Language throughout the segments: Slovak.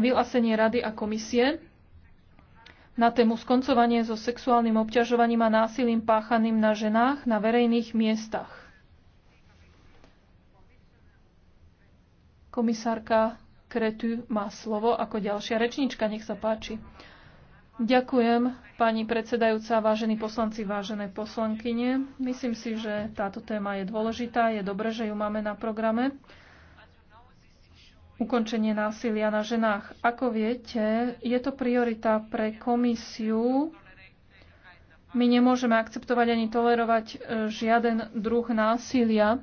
vyhlásenie Rady a komisie na tému skoncovanie so sexuálnym obťažovaním a násilím páchaným na ženách na verejných miestach. Komisárka Kretu má slovo ako ďalšia rečnička. Nech sa páči. Ďakujem, pani predsedajúca, vážení poslanci, vážené poslankyne. Myslím si, že táto téma je dôležitá. Je dobré, že ju máme na programe ukončenie násilia na ženách. Ako viete, je to priorita pre komisiu. My nemôžeme akceptovať ani tolerovať e, žiaden druh násilia.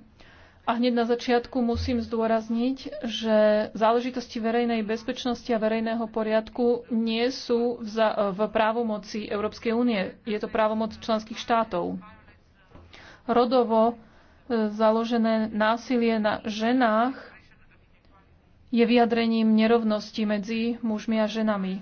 A hneď na začiatku musím zdôrazniť, že záležitosti verejnej bezpečnosti a verejného poriadku nie sú v, za, e, v právomoci Európskej únie. Je to právomoc členských štátov. Rodovo e, založené násilie na ženách je vyjadrením nerovnosti medzi mužmi a ženami.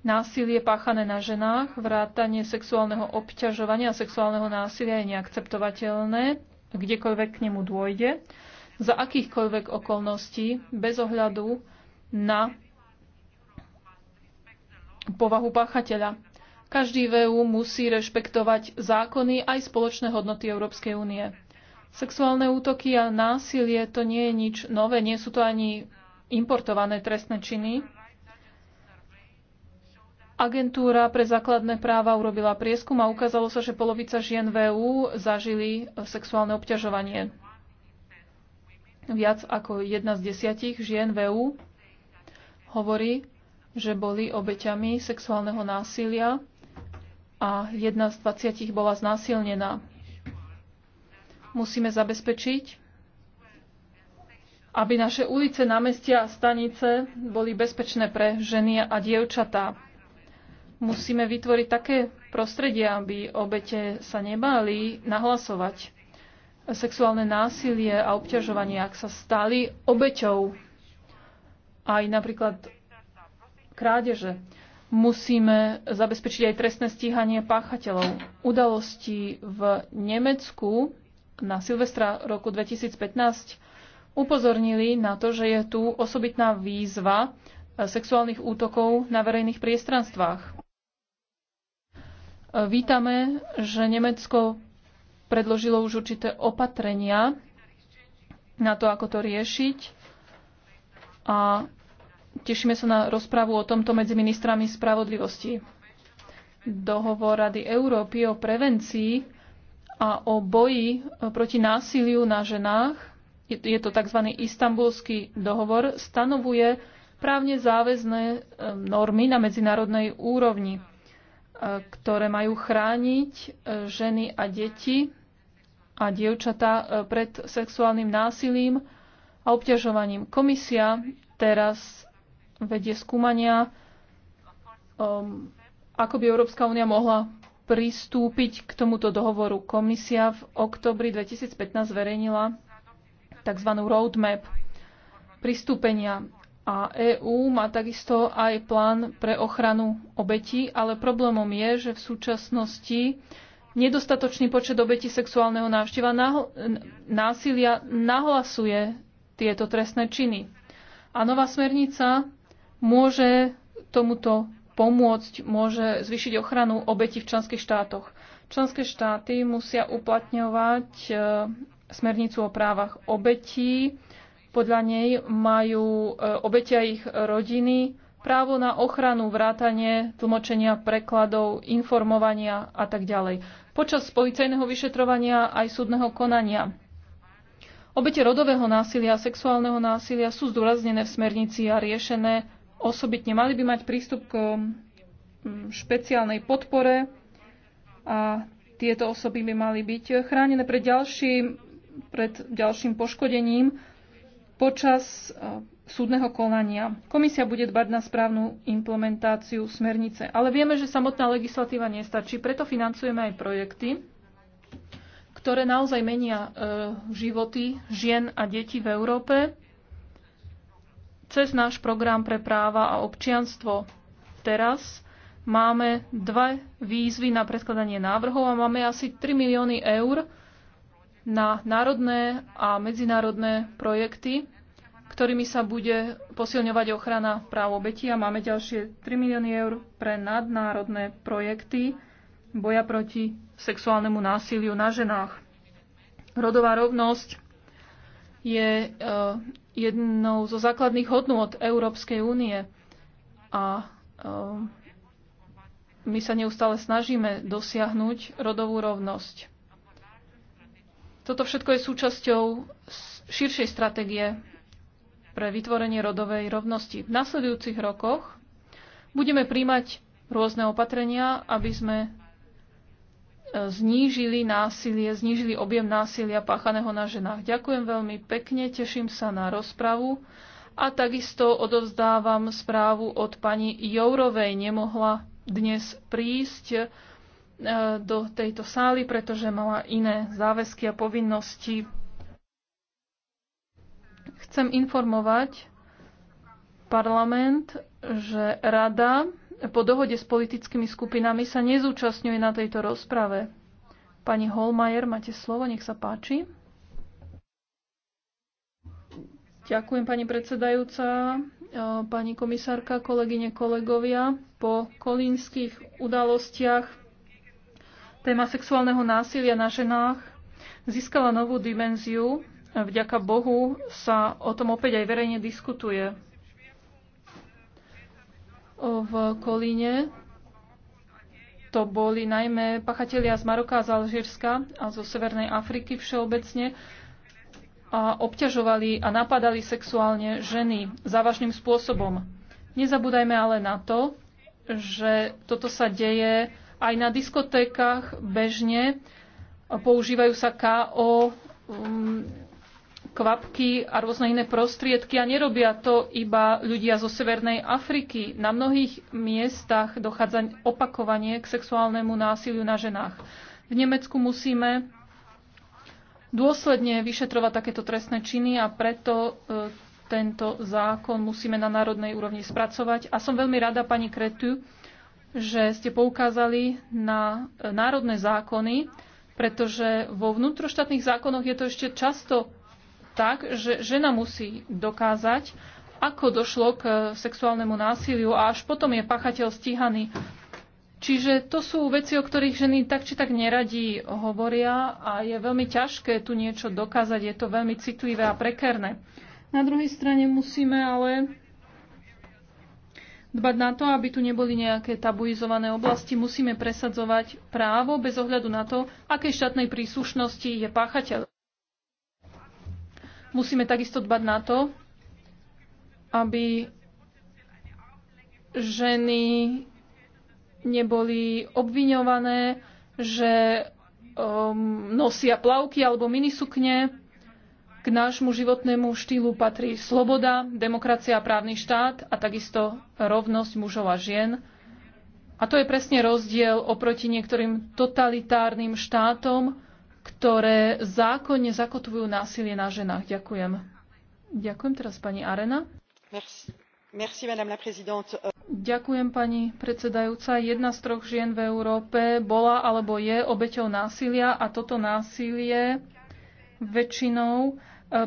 Násilie páchané na ženách, vrátanie sexuálneho obťažovania a sexuálneho násilia je neakceptovateľné, kdekoľvek k nemu dôjde, za akýchkoľvek okolností, bez ohľadu na povahu páchateľa. Každý v musí rešpektovať zákony aj spoločné hodnoty Európskej únie. Sexuálne útoky a násilie to nie je nič nové, nie sú to ani importované trestné činy. Agentúra pre základné práva urobila prieskum a ukázalo sa, že polovica žien v e zažili sexuálne obťažovanie. Viac ako jedna z desiatich žien v e hovorí, že boli obeťami sexuálneho násilia a jedna z 20 bola znásilnená. Musíme zabezpečiť, aby naše ulice, námestia a stanice boli bezpečné pre ženy a dievčatá. Musíme vytvoriť také prostredie, aby obete sa nebáli nahlasovať sexuálne násilie a obťažovanie, ak sa stali obeťou aj napríklad krádeže. Musíme zabezpečiť aj trestné stíhanie páchateľov. Udalosti v Nemecku na Silvestra roku 2015 upozornili na to, že je tu osobitná výzva e, sexuálnych útokov na verejných priestranstvách. E, vítame, že Nemecko predložilo už určité opatrenia na to, ako to riešiť a tešíme sa na rozpravu o tomto medzi ministrami spravodlivosti. Dohovor Rady Európy o prevencii a o boji e, proti násiliu na ženách, je to tzv. istambulský dohovor, stanovuje právne záväzné e, normy na medzinárodnej úrovni, e, ktoré majú chrániť ženy a deti a dievčatá pred sexuálnym násilím a obťažovaním. Komisia teraz vedie skúmania, ako by Európska únia mohla pristúpiť k tomuto dohovoru. Komisia v oktobri 2015 zverejnila tzv. roadmap pristúpenia a EÚ má takisto aj plán pre ochranu obetí, ale problémom je, že v súčasnosti nedostatočný počet obetí sexuálneho návšteva násilia nahlasuje tieto trestné činy. A nová smernica môže tomuto pomôcť, môže zvýšiť ochranu obeti v členských štátoch. Členské štáty musia uplatňovať e, smernicu o právach obetí. Podľa nej majú e, obetia ich rodiny právo na ochranu, vrátanie, tlmočenia prekladov, informovania a tak ďalej. Počas policajného vyšetrovania aj súdneho konania. Obete rodového násilia a sexuálneho násilia sú zdôraznené v smernici a riešené osobitne. Mali by mať prístup k mm, špeciálnej podpore a tieto osoby by mali byť chránené pred ďalším, pred ďalším poškodením počas e, súdneho konania. Komisia bude dbať na správnu implementáciu smernice. Ale vieme, že samotná legislatíva nestačí, preto financujeme aj projekty, ktoré naozaj menia e, životy žien a detí v Európe cez náš program pre práva a občianstvo. Teraz máme dve výzvy na predkladanie návrhov a máme asi 3 milióny eur na národné a medzinárodné projekty, ktorými sa bude posilňovať ochrana práv obetí a máme ďalšie 3 milióny eur pre nadnárodné projekty boja proti sexuálnemu násiliu na ženách. Rodová rovnosť je eh, jednou zo základných hodnôt Európskej únie. A eh, my sa neustále snažíme dosiahnuť rodovú rovnosť. Toto všetko je súčasťou širšej stratégie pre vytvorenie rodovej rovnosti. V nasledujúcich rokoch budeme príjmať rôzne opatrenia, aby sme znížili násilie, znížili objem násilia páchaného na ženách. Ďakujem veľmi pekne, teším sa na rozpravu a takisto odovzdávam správu od pani Jourovej. Nemohla dnes prísť e, do tejto sály, pretože mala iné záväzky a povinnosti. Chcem informovať parlament, že rada po dohode s politickými skupinami sa nezúčastňuje na tejto rozprave. Pani Holmajer, máte slovo, nech sa páči. Ďakujem, pani predsedajúca, e, pani komisárka, kolegyne, kolegovia. Po kolínskych udalostiach téma sexuálneho násilia na ženách získala novú dimenziu. E, vďaka Bohu sa o tom opäť aj verejne diskutuje v Kolíne. To boli najmä pachatelia z Maroka, a z Alžírska a zo Severnej Afriky všeobecne a obťažovali a napadali sexuálne ženy závažným spôsobom. Nezabúdajme ale na to, že toto sa deje aj na diskotékach bežne. Používajú sa KO, um, kvapky a rôzne iné prostriedky a nerobia to iba ľudia zo Severnej Afriky. Na mnohých miestach dochádza opakovanie k sexuálnemu násiliu na ženách. V Nemecku musíme dôsledne vyšetrovať takéto trestné činy a preto e, tento zákon musíme na národnej úrovni spracovať. A som veľmi rada, pani Kretu, že ste poukázali na e, národné zákony, pretože vo vnútroštátnych zákonoch je to ešte často tak, že žena musí dokázať, ako došlo k sexuálnemu násiliu a až potom je pachateľ stíhaný. Čiže to sú veci, o ktorých ženy tak či tak neradi hovoria a je veľmi ťažké tu niečo dokázať. Je to veľmi citlivé a prekerné. Na druhej strane musíme ale dbať na to, aby tu neboli nejaké tabuizované oblasti. Musíme presadzovať právo bez ohľadu na to, akej štátnej príslušnosti je páchateľ. Musíme takisto dbať na to, aby ženy neboli obviňované, že um, nosia plavky alebo minisukne. K nášmu životnému štýlu patrí sloboda, demokracia a právny štát a takisto rovnosť mužov a žien. A to je presne rozdiel oproti niektorým totalitárnym štátom, ktoré zákonne zakotvujú násilie na ženách. Ďakujem. Ďakujem teraz pani Arena. Merci. Merci, madame la présidente. Ďakujem, pani predsedajúca. Jedna z troch žien v Európe bola alebo je obeťou násilia a toto násilie väčšinou e,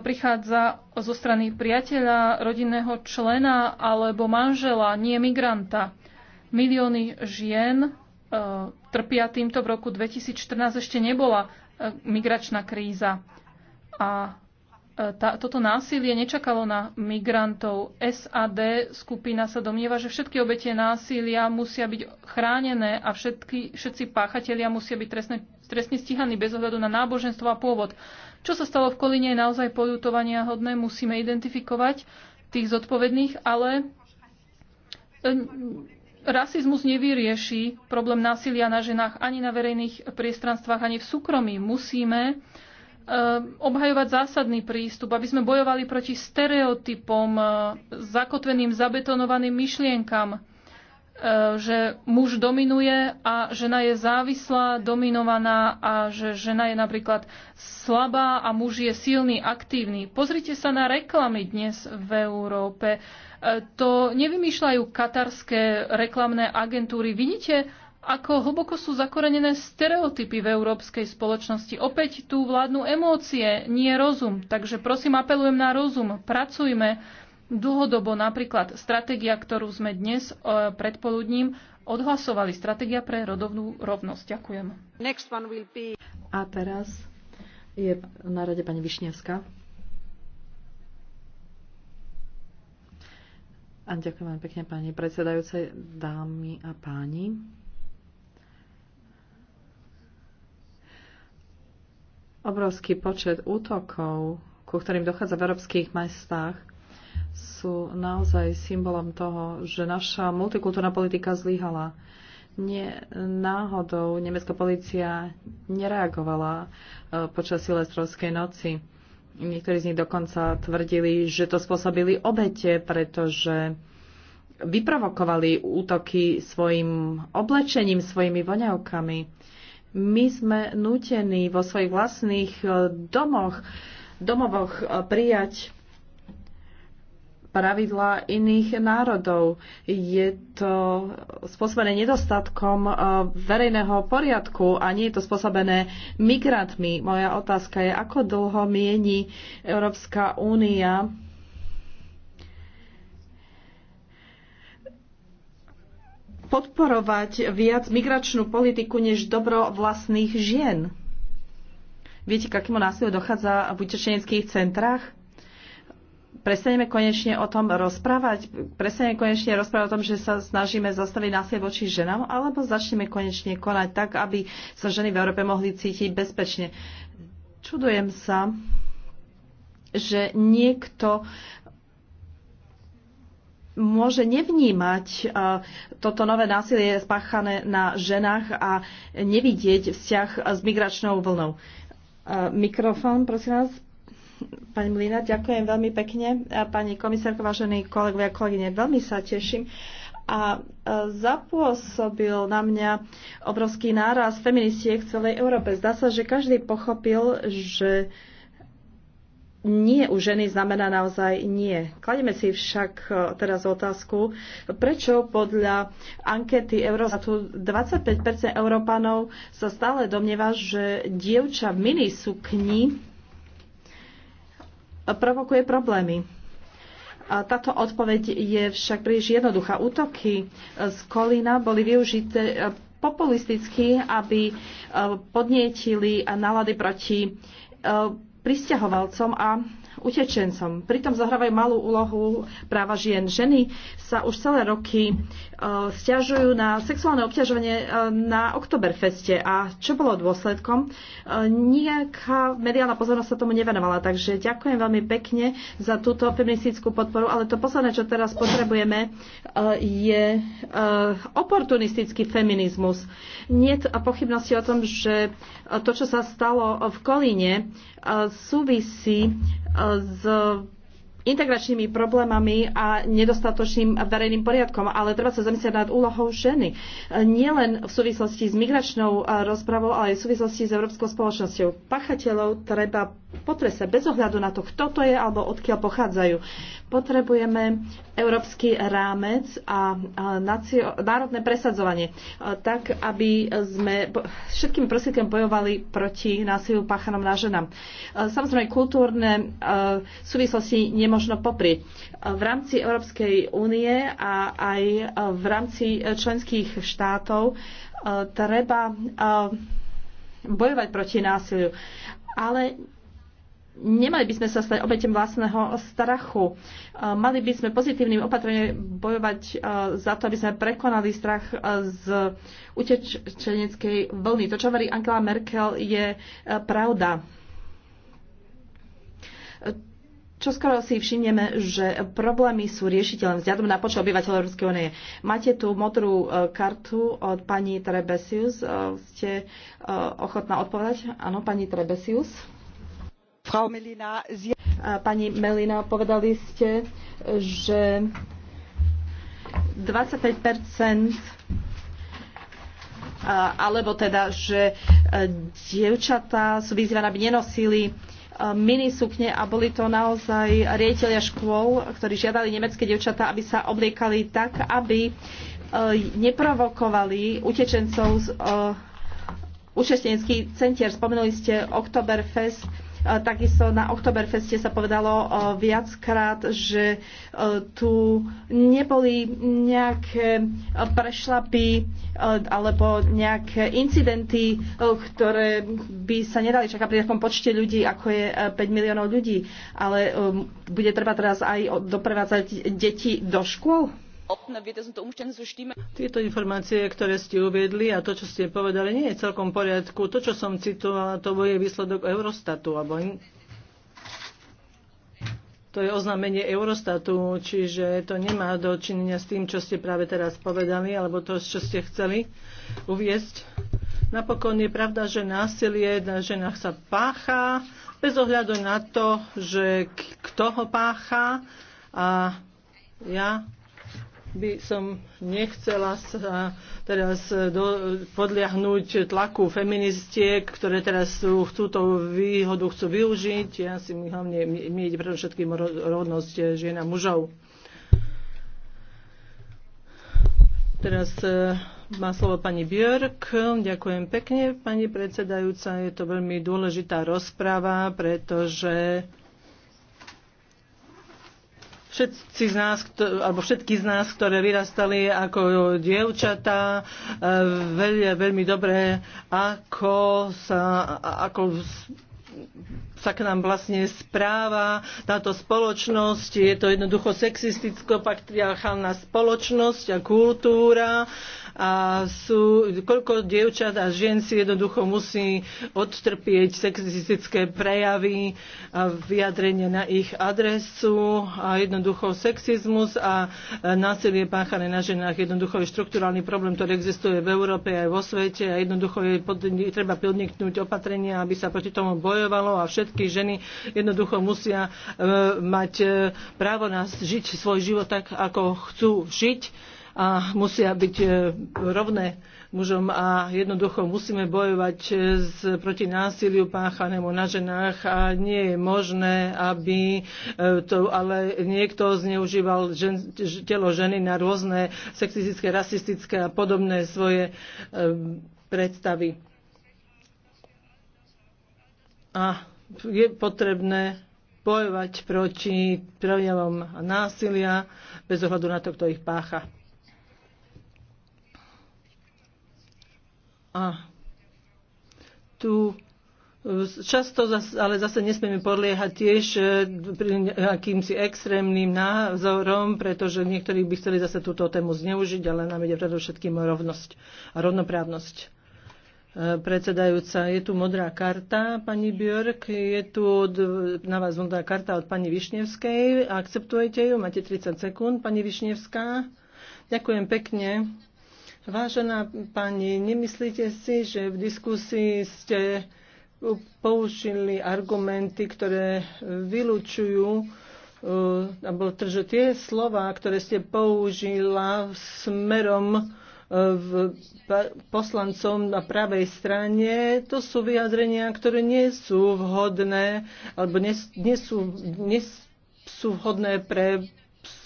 prichádza zo strany priateľa, rodinného člena alebo manžela, nie migranta. Milióny žien e, trpia týmto v roku 2014 ešte nebola migračná kríza. A e, tá, toto násilie nečakalo na migrantov. SAD skupina sa domnieva, že všetky obete násilia musia byť chránené a všetky, všetci páchatelia musia byť trestne, trestne stíhaní bez ohľadu na náboženstvo a pôvod. Čo sa stalo v Kolíne je naozaj poľutovania hodné. Musíme identifikovať tých zodpovedných, ale e, Rasizmus nevyrieši problém násilia na ženách ani na verejných priestranstvách, ani v súkromí. Musíme e, obhajovať zásadný prístup, aby sme bojovali proti stereotypom, e, zakotveným, zabetonovaným myšlienkam, e, že muž dominuje a žena je závislá, dominovaná a že žena je napríklad slabá a muž je silný, aktívny. Pozrite sa na reklamy dnes v Európe to nevymýšľajú katarské reklamné agentúry. Vidíte, ako hlboko sú zakorenené stereotypy v európskej spoločnosti. Opäť tu vládnu emócie, nie rozum. Takže prosím, apelujem na rozum. Pracujme dlhodobo. Napríklad stratégia, ktorú sme dnes e, predpoludním odhlasovali. Stratégia pre rodovnú rovnosť. Ďakujem. Be... A teraz je na rade pani Višňavská. A ďakujem vám pekne, pani predsedajúce, dámy a páni. Obrovský počet útokov, ku ktorým dochádza v európskych mestách, sú naozaj symbolom toho, že naša multikultúrna politika zlyhala. Nie, náhodou nemecká policia nereagovala eh, počas silestrovskej noci Niektorí z nich dokonca tvrdili, že to spôsobili obete, pretože vyprovokovali útoky svojim oblečením, svojimi voňavkami. My sme nútení vo svojich vlastných eh, domoch, domovoch eh, prijať pravidlá iných národov. Je to spôsobené nedostatkom eh, verejného poriadku a nie je to spôsobené migrantmi. Moja otázka je, ako dlho mieni Európska únia podporovať viac migračnú politiku než dobro vlastných žien. Viete, k akému násilu dochádza v utečeneckých centrách? prestaneme konečne o tom rozprávať? Prestaneme konečne rozprávať o tom, že sa snažíme zastaviť násilie voči ženám? Alebo začneme konečne konať tak, aby sa ženy v Európe mohli cítiť bezpečne? Čudujem sa, že niekto môže nevnímať e, toto nové násilie spáchané na ženách a nevidieť vzťah s migračnou vlnou. E, mikrofón, prosím vás. Pani Mlina, ďakujem veľmi pekne. Pani komisárko, vážení kolegovia a kolegyne, veľmi sa teším. A e, zapôsobil na mňa obrovský náraz feministiek v celej Európe. Zdá sa, že každý pochopil, že nie u ženy znamená naozaj nie. Kladíme si však e, teraz otázku, prečo podľa ankety Eurostatu 25% Európanov sa stále domnieva, že dievča v minisukni provokuje problémy. Táto odpoveď je však príliš jednoduchá. Útoky z Kolína boli využité e, populisticky, aby e, podnietili nálady proti e, pristahovalcom a utečencom. Pritom zohrávajú malú úlohu práva žien. Ženy sa už celé roky e, stiažujú na sexuálne obťažovanie e, na Oktoberfeste. A čo bolo dôsledkom? E, nejaká mediálna pozornosť sa tomu nevenovala. Takže ďakujem veľmi pekne za túto feministickú podporu. Ale to posledné, čo teraz potrebujeme, je oportunistický feminizmus. Nie pochybnosti o tom, že to, čo sa stalo v Kolíne, súvisí z integračnými problémami a nedostatočným verejným poriadkom, ale treba sa zamyslieť nad úlohou ženy. Nielen v súvislosti s migračnou eh, rozpravou, ale aj v súvislosti s európskou spoločnosťou. Pachateľov treba potresa bez ohľadu na to, kto to je alebo odkiaľ pochádzajú. Potrebujeme európsky rámec a národné presadzovanie, eh, tak aby sme všetkým prostriedkami bojovali proti násiliu páchanom na ženám. Eh, samozrejme, kultúrne súvislosti nemôžeme nemožno poprieť. V rámci Európskej únie a aj v rámci členských štátov e, treba e, bojovať proti násiliu. Ale nemali by sme sa stať obetem vlastného strachu. E, mali by sme pozitívnym opatrením bojovať za to, aby sme prekonali strach z utečeneckej vlny. To, čo hovorí Angela Merkel, je pravda čo skoro si všimneme, že problémy sú riešiteľné vzhľadom na počet obyvateľov Európskej únie. Máte tu modrú e, kartu od pani Trebesius. E, ste e, ochotná odpovedať? Áno, pani Trebesius. Pani Melina, povedali ste, že 25 alebo teda, že dievčatá sú vyzývané, aby nenosili minisukne a boli to naozaj riediteľia škôl, ktorí žiadali nemecké devčatá, aby sa obliekali tak, aby e, neprovokovali utečencov z e, učešteneckých centier. Spomenuli ste Oktoberfest Takisto na Oktoberfeste sa povedalo e, viackrát, že e, tu neboli nejaké prešlapy e, alebo nejaké incidenty, ktoré by sa nedali čakať pri takom počte ľudí, ako je 5 miliónov ľudí. Ale bude treba teraz aj doprevádzať deti do škôl? Tieto informácie, ktoré ste uviedli a to, čo ste povedali, nie je celkom v poriadku. To, čo som citovala, to je výsledok Eurostatu. Alebo to je oznámenie Eurostatu, čiže to nemá dočinenia s tým, čo ste práve teraz povedali, alebo to, čo ste chceli uviesť. Napokon je pravda, že násilie na ženách sa páchá, bez ohľadu na to, že kto ho páchá. A ja by som nechcela sa teraz do, podliahnuť tlaku feministiek, ktoré teraz sú, túto výhodu chcú využiť. Ja si hlavne mieť pre všetkým rovnosť žien a mužov. Teraz e, má slovo pani Björk. Ďakujem pekne, pani predsedajúca. Je to veľmi dôležitá rozpráva, pretože všetci z nás, alebo všetky z nás, ktoré vyrastali ako dievčatá, e, veľmi, veľmi dobré, ako sa, ako sa k nám vlastne správa táto spoločnosť. Je to jednoducho sexisticko-patriarchálna spoločnosť a kultúra a sú, koľko dievčat a žien si jednoducho musí odtrpieť sexistické prejavy a vyjadrenie na ich adresu a jednoducho sexizmus a násilie páchané na ženách jednoducho je štruktúrálny problém, ktorý existuje v Európe aj vo svete a jednoducho je pod, treba podniknúť opatrenia, aby sa proti tomu bojovalo a všetky ženy jednoducho musia e, mať e, právo nás žiť svoj život tak, ako chcú žiť a musia byť e, rovné mužom a jednoducho musíme bojovať s, e, proti násiliu páchanému na ženách a nie je možné, aby e, to ale niekto zneužíval žen, telo ženy na rôzne sexistické, rasistické a podobné svoje predstavy. A je potrebné bojovať proti prejavom násilia bez ohľadu na to, kto ich pácha. A tu e, Často ale zase nesmieme podliehať tiež e, akýmsi extrémnym názorom, pretože niektorí by chceli zase túto tému zneužiť, ale nám ide predovšetkým rovnosť a rovnoprávnosť e, predsedajúca. Je tu modrá karta, pani Björk, je tu od, na vás modrá karta od pani Višnevskej. Akceptujete ju? Máte 30 sekúnd, pani Višnevská. Ďakujem pekne. Vážená pani, nemyslíte si, že v diskusii ste použili argumenty, ktoré vylučujú eh, alebo že tie slova, ktoré ste použila smerom eh, v poslancom na pravej strane, to sú vyjadrenia, ktoré nie sú vhodné alebo nie, nie sú, nie sú vhodné pre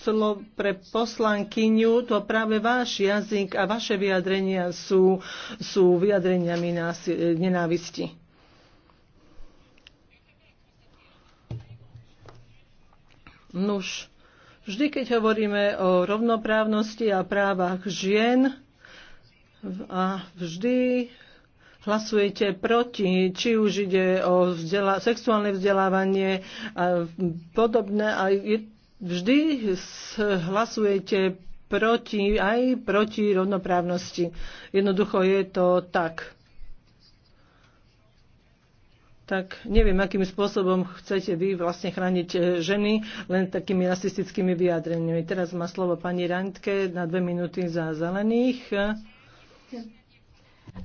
slovo pre poslankyňu, to práve váš jazyk a vaše vyjadrenia sú, sú vyjadreniami nenávisti. Nuž, vždy keď hovoríme o rovnoprávnosti a právach žien, a vždy hlasujete proti, či už ide o vzdela- sexuálne vzdelávanie a podobné. A je vždy hlasujete proti, aj proti rovnoprávnosti. Jednoducho je to tak. Tak neviem, akým spôsobom chcete vy vlastne chrániť eh, ženy len takými rasistickými vyjadreniami. Teraz má slovo pani Randke na dve minúty za zelených.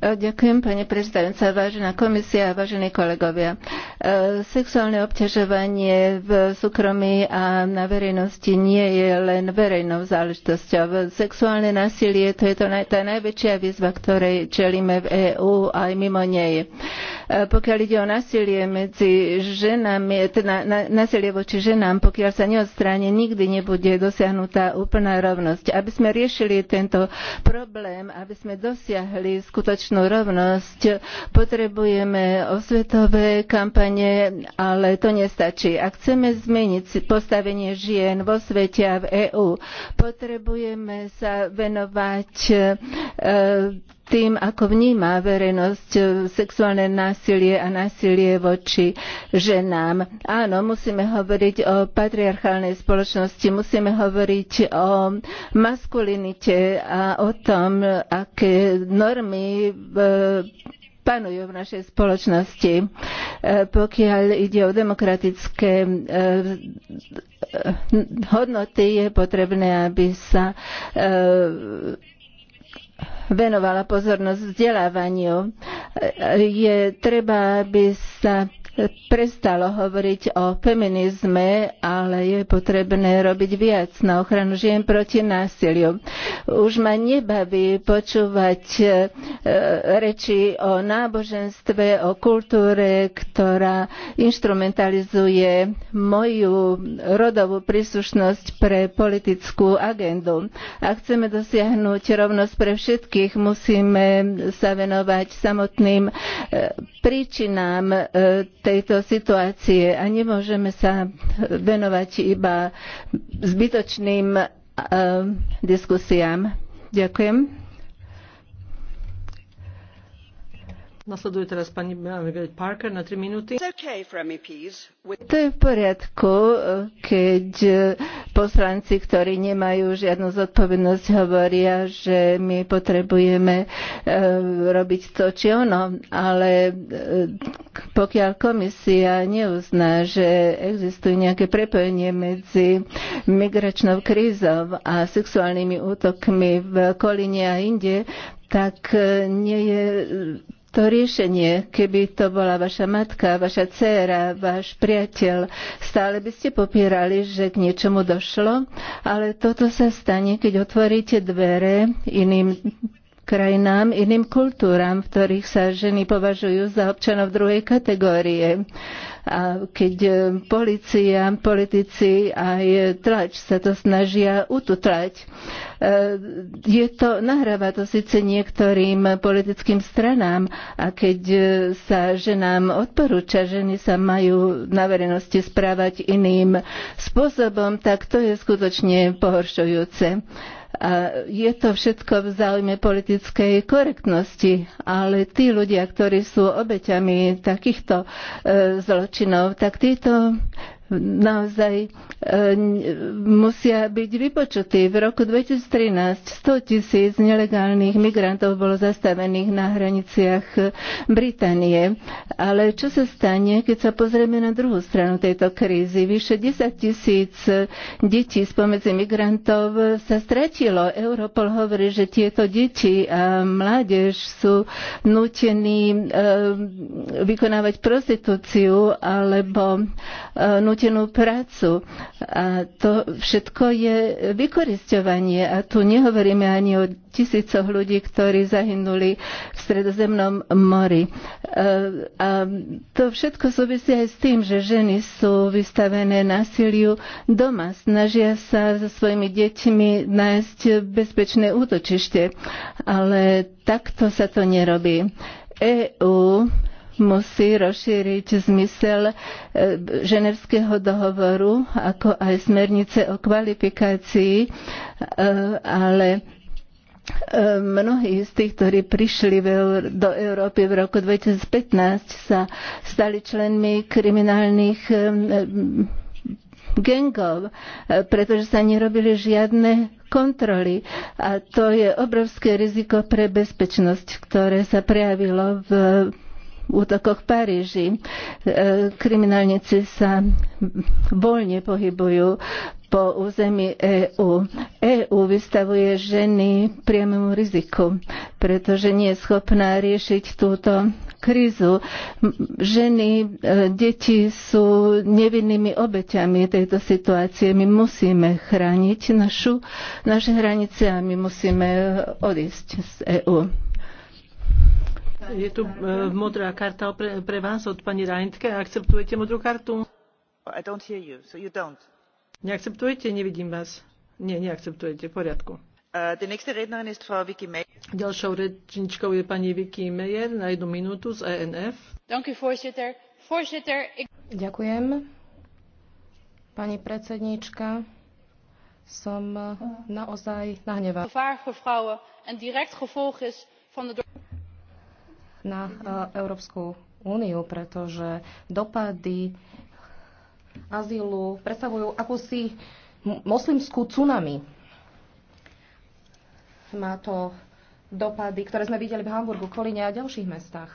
Ďakujem, pani predstavnica, vážená komisia vážení kolegovia. E, sexuálne obťažovanie v súkromí a na verejnosti nie je len verejnou záležitosťou. Sexuálne násilie to je to, tá najväčšia výzva, ktorej čelíme v EÚ aj mimo nej E, pokiaľ ide o násilie medzi ženami, e, teda násilie voči ženám, pokiaľ sa neodstráni, nikdy nebude dosiahnutá úplná rovnosť. Aby sme riešili tento problém, aby sme dosiahli skutočnú rovnosť, potrebujeme osvetové kampane, ale to nestačí. Ak chceme zmeniť postavenie žien vo svete a v EÚ, potrebujeme sa venovať e, tým, ako vníma verejnosť e, sexuálne násilie a násilie voči ženám. Áno, musíme hovoriť o patriarchálnej spoločnosti, musíme hovoriť o maskulinite a o tom, aké normy e, panujú v našej spoločnosti. E, pokiaľ ide o demokratické hodnoty, je potrebné, aby sa venovala pozornosť vzdelávaniu. Je treba, aby sa prestalo hovoriť o feminizme, ale je potrebné robiť viac na ochranu žien proti násiliu. Už ma nebaví počúvať e, reči o náboženstve, o kultúre, ktorá instrumentalizuje moju rodovú príslušnosť pre politickú agendu. A chceme dosiahnuť rovnosť pre všetkých, musíme sa venovať samotným e, príčinám e, tejto situácie a nemôžeme sa venovať iba zbytočným eh, diskusiám. Ďakujem. Nasleduje teraz pani Parker na 3 minúty. E to je v poriadku, keď poslanci, ktorí nemajú žiadnu zodpovednosť, hovoria, že my potrebujeme e, robiť to či ono, ale e, pokiaľ komisia neuzná, že existuje nejaké prepojenie medzi migračnou krízou a sexuálnymi útokmi v Kolíne a inde, tak nie je to riešenie, keby to bola vaša matka, vaša dcéra, váš priateľ, stále by ste popierali, že k niečomu došlo, ale toto sa stane, keď otvoríte dvere iným krajinám, iným kultúram, v ktorých sa ženy považujú za občanov druhej kategórie. A keď e, policia, politici aj tlač sa to snažia ututrať, e, je to, nahráva to síce niektorým politickým stranám a keď e, sa ženám odporúča, ženy sa majú na verejnosti správať iným spôsobom, tak to je skutočne pohoršujúce. A je to všetko v záujme politickej korektnosti, ale tí ľudia, ktorí sú obeťami takýchto e, zločinov, tak títo naozaj e, musia byť vypočutí. V roku 2013 100 tisíc nelegálnych migrantov bolo zastavených na hraniciach Británie. Ale čo sa stane, keď sa pozrieme na druhú stranu tejto krízy? Vyše 10 tisíc detí spomedzi migrantov sa stratilo. Europol hovorí, že tieto deti a mládež sú nutení e, vykonávať prostitúciu alebo e, nutení nutenú prácu. A to všetko je vykoristovanie. A tu nehovoríme ani o tisícoch ľudí, ktorí zahynuli v Stredozemnom mori. E, a to všetko súvisí aj s tým, že ženy sú vystavené násiliu doma. Snažia sa so svojimi deťmi nájsť bezpečné útočište. Ale takto sa to nerobí. EU musí rozšíriť zmysel e, ženevského dohovoru, ako aj smernice o kvalifikácii, e, ale e, mnohí z tých, ktorí prišli do Európy v roku 2015, sa stali členmi kriminálnych gengov, pretože sa nerobili žiadne kontroly. A to je obrovské riziko pre bezpečnosť, ktoré sa prejavilo v útokoch v Paríži. E, kriminálnici sa voľne pohybujú po území EÚ. EÚ vystavuje ženy priamému riziku, pretože nie je schopná riešiť túto krízu. Ženy, e, deti sú nevinnými obeťami tejto situácie. My musíme chrániť našu, naše hranice a my musíme odísť z EÚ je tu uh, modrá karta pre, pre vás od pani Reintke. Akceptujete modrú kartu? I don't hear you, so you don't. Neakceptujete? Nevidím vás. Nie, neakceptujete. V poriadku. E, Ďalšou rečničkou je pani Vicky Meyer na jednu minútu z ENF. Ďakujem. Pani predsedníčka, som e, naozaj nahnevaná na e, Európsku úniu, pretože dopady azylu predstavujú akúsi moslimskú tsunami. Má to dopady, ktoré sme videli v Hamburgu, Kolíne a ďalších mestách.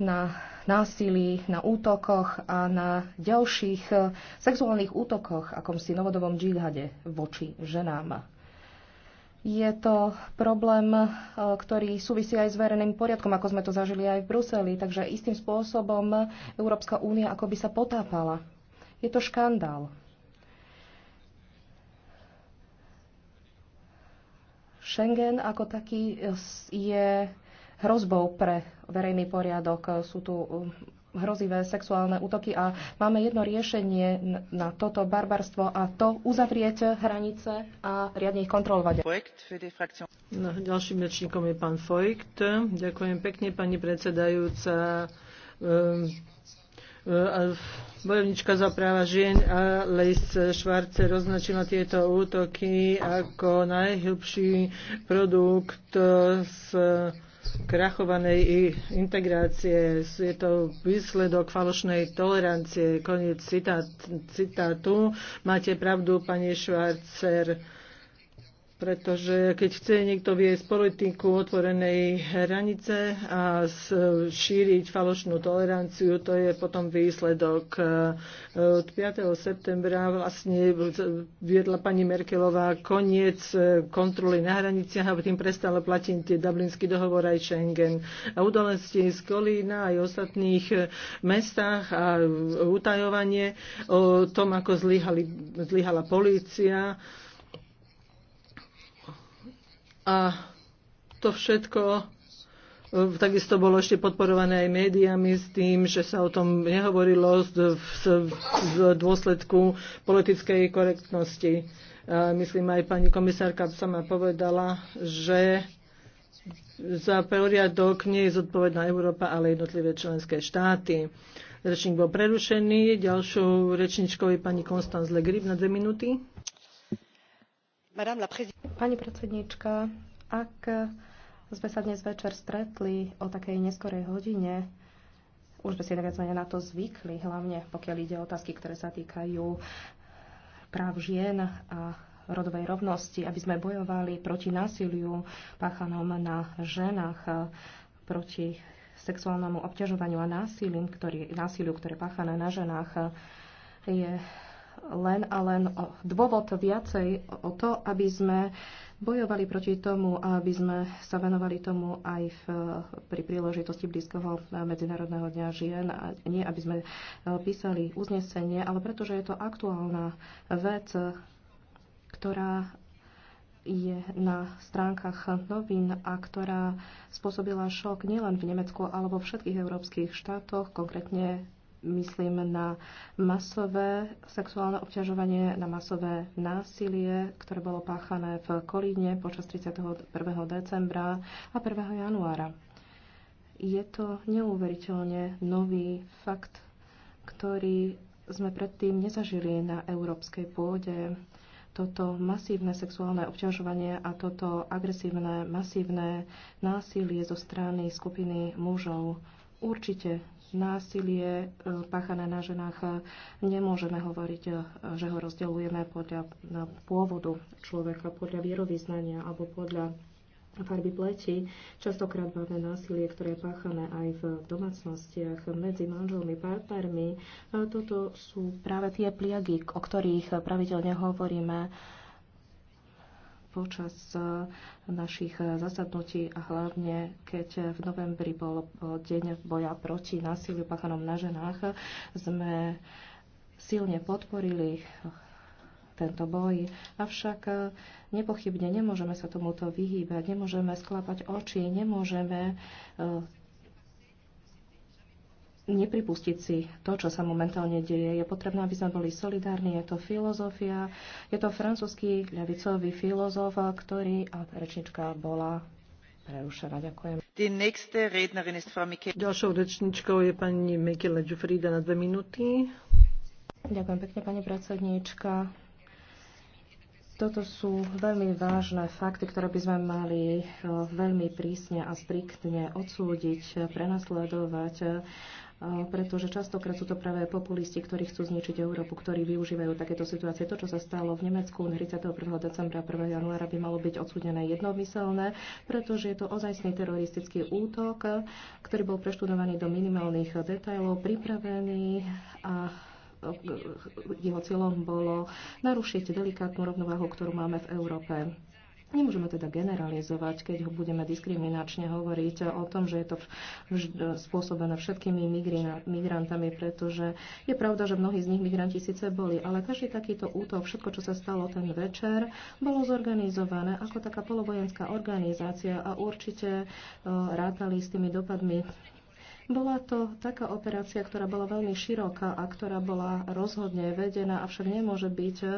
Na násilí, na útokoch a na ďalších e, sexuálnych útokoch, akomsi novodobom džihade voči ženám. Je to problém, e, ktorý súvisí aj s verejným poriadkom, ako sme to zažili aj v Bruseli. Takže istým spôsobom Európska únia ako by sa potápala. Je to škandál. Schengen ako taký je hrozbou pre verejný poriadok. Sú tu hrozivé sexuálne útoky a máme jedno riešenie na toto barbarstvo a to uzavrieť hranice a riadne ich kontrolovať. No, ďalším rečníkom je pán Fojkt. Ďakujem pekne, pani predsedajúca. Um, bojovnička za práva žien Alice Schwarzer označila tieto útoky ako najhlbší produkt z krachovanej integrácie. Je to výsledok falošnej tolerancie. Koniec citát, citátu. Máte pravdu, pani Švarcer pretože keď chce niekto viesť politiku otvorenej hranice a šíriť falošnú toleranciu, to je potom výsledok. E, od 5. septembra vlastne viedla pani Merkelová koniec e, kontroly na hraniciach a tým prestala platiť tie Dublinský dohovor aj Schengen. A udalosti z Kolína aj ostatných e, mestách a utajovanie o tom, ako zlyhala polícia, a to všetko e, Takisto bolo ešte podporované aj médiami s tým, že sa o tom nehovorilo v, dôsledku politickej korektnosti. Myslím, aj pani komisárka sama povedala, že za poriadok nie je zodpovedná Európa, ale jednotlivé členské štáty. Rečník bol prerušený. Ďalšou rečničkou je pani Konstanz Legrib na dve minúty. Pani predsednička, ak sme sa dnes večer stretli o takej neskorej hodine, už by si viac menej na to zvykli, hlavne pokiaľ ide o otázky, ktoré sa týkajú práv žien a rodovej rovnosti, aby sme bojovali proti násiliu páchanom na ženách, proti sexuálnemu obťažovaniu a násilím, násiliu, ktoré páchané na ženách je len a len o dôvod viacej o to, aby sme bojovali proti tomu a aby sme sa venovali tomu aj v, pri príležitosti blízkoho Medzinárodného dňa žien. A nie, aby sme e, písali uznesenie, ale pretože je to aktuálna vec, ktorá je na stránkach novín a ktorá spôsobila šok nielen v Nemecku, ale vo všetkých európskych štátoch, konkrétne myslím na masové sexuálne obťažovanie, na masové násilie, ktoré bolo páchané v Kolíne počas 31. decembra a 1. januára. Je to neuveriteľne nový fakt, ktorý sme predtým nezažili na európskej pôde toto masívne sexuálne obťažovanie a toto agresívne, masívne násilie zo strany skupiny mužov určite násilie e, páchané na ženách e, nemôžeme hovoriť, e, že ho rozdeľujeme podľa pôvodu človeka, podľa vierovýznania alebo podľa farby pleti. Častokrát máme násilie, ktoré je páchané aj v domácnostiach, medzi manželmi, partnermi. Toto sú práve tie pliagy, o ktorých pravidelne hovoríme počas e, našich e, zasadnutí a hlavne keď v novembri bol deň boja proti násiliu páchanom na ženách, sme silne podporili tento boj. Avšak e, nepochybne nemôžeme sa tomuto vyhýbať, nemôžeme sklapať oči, nemôžeme nepripustiť si to, čo sa momentálne deje. Je potrebné, aby sme boli solidárni. Je to filozofia, je to francúzsky ľavicový filozof, ktorý, a rečnička bola prerušená. Ďakujem. Ďalšou rečničkou je pani Mekele Džufrida na dve minúty. Ďakujem pekne, pani predsedníčka. Toto sú veľmi vážne fakty, ktoré by sme mali eh, veľmi prísne a striktne odsúdiť, prenasledovať pretože častokrát sú to práve populisti, ktorí chcú zničiť Európu, ktorí využívajú takéto situácie. To, čo sa stalo v Nemecku 31. decembra 1. januára, by malo byť odsudené jednomyselné, pretože je to ozajstný teroristický útok, ktorý bol preštudovaný do minimálnych detajlov, pripravený a jeho cieľom bolo narušiť delikátnu rovnováhu, ktorú máme v Európe. Nemôžeme teda generalizovať, keď ho budeme diskriminačne hovoriť o tom, že je to spôsobené všetkými migrantami, pretože je pravda, že mnohí z nich migranti síce boli, ale každý takýto útok, všetko, čo sa stalo ten večer, bolo zorganizované ako taká polovojenská organizácia a určite e, rátali s tými dopadmi bola to taká operácia, ktorá bola veľmi široká a ktorá bola rozhodne vedená, avšak nemôže byť e,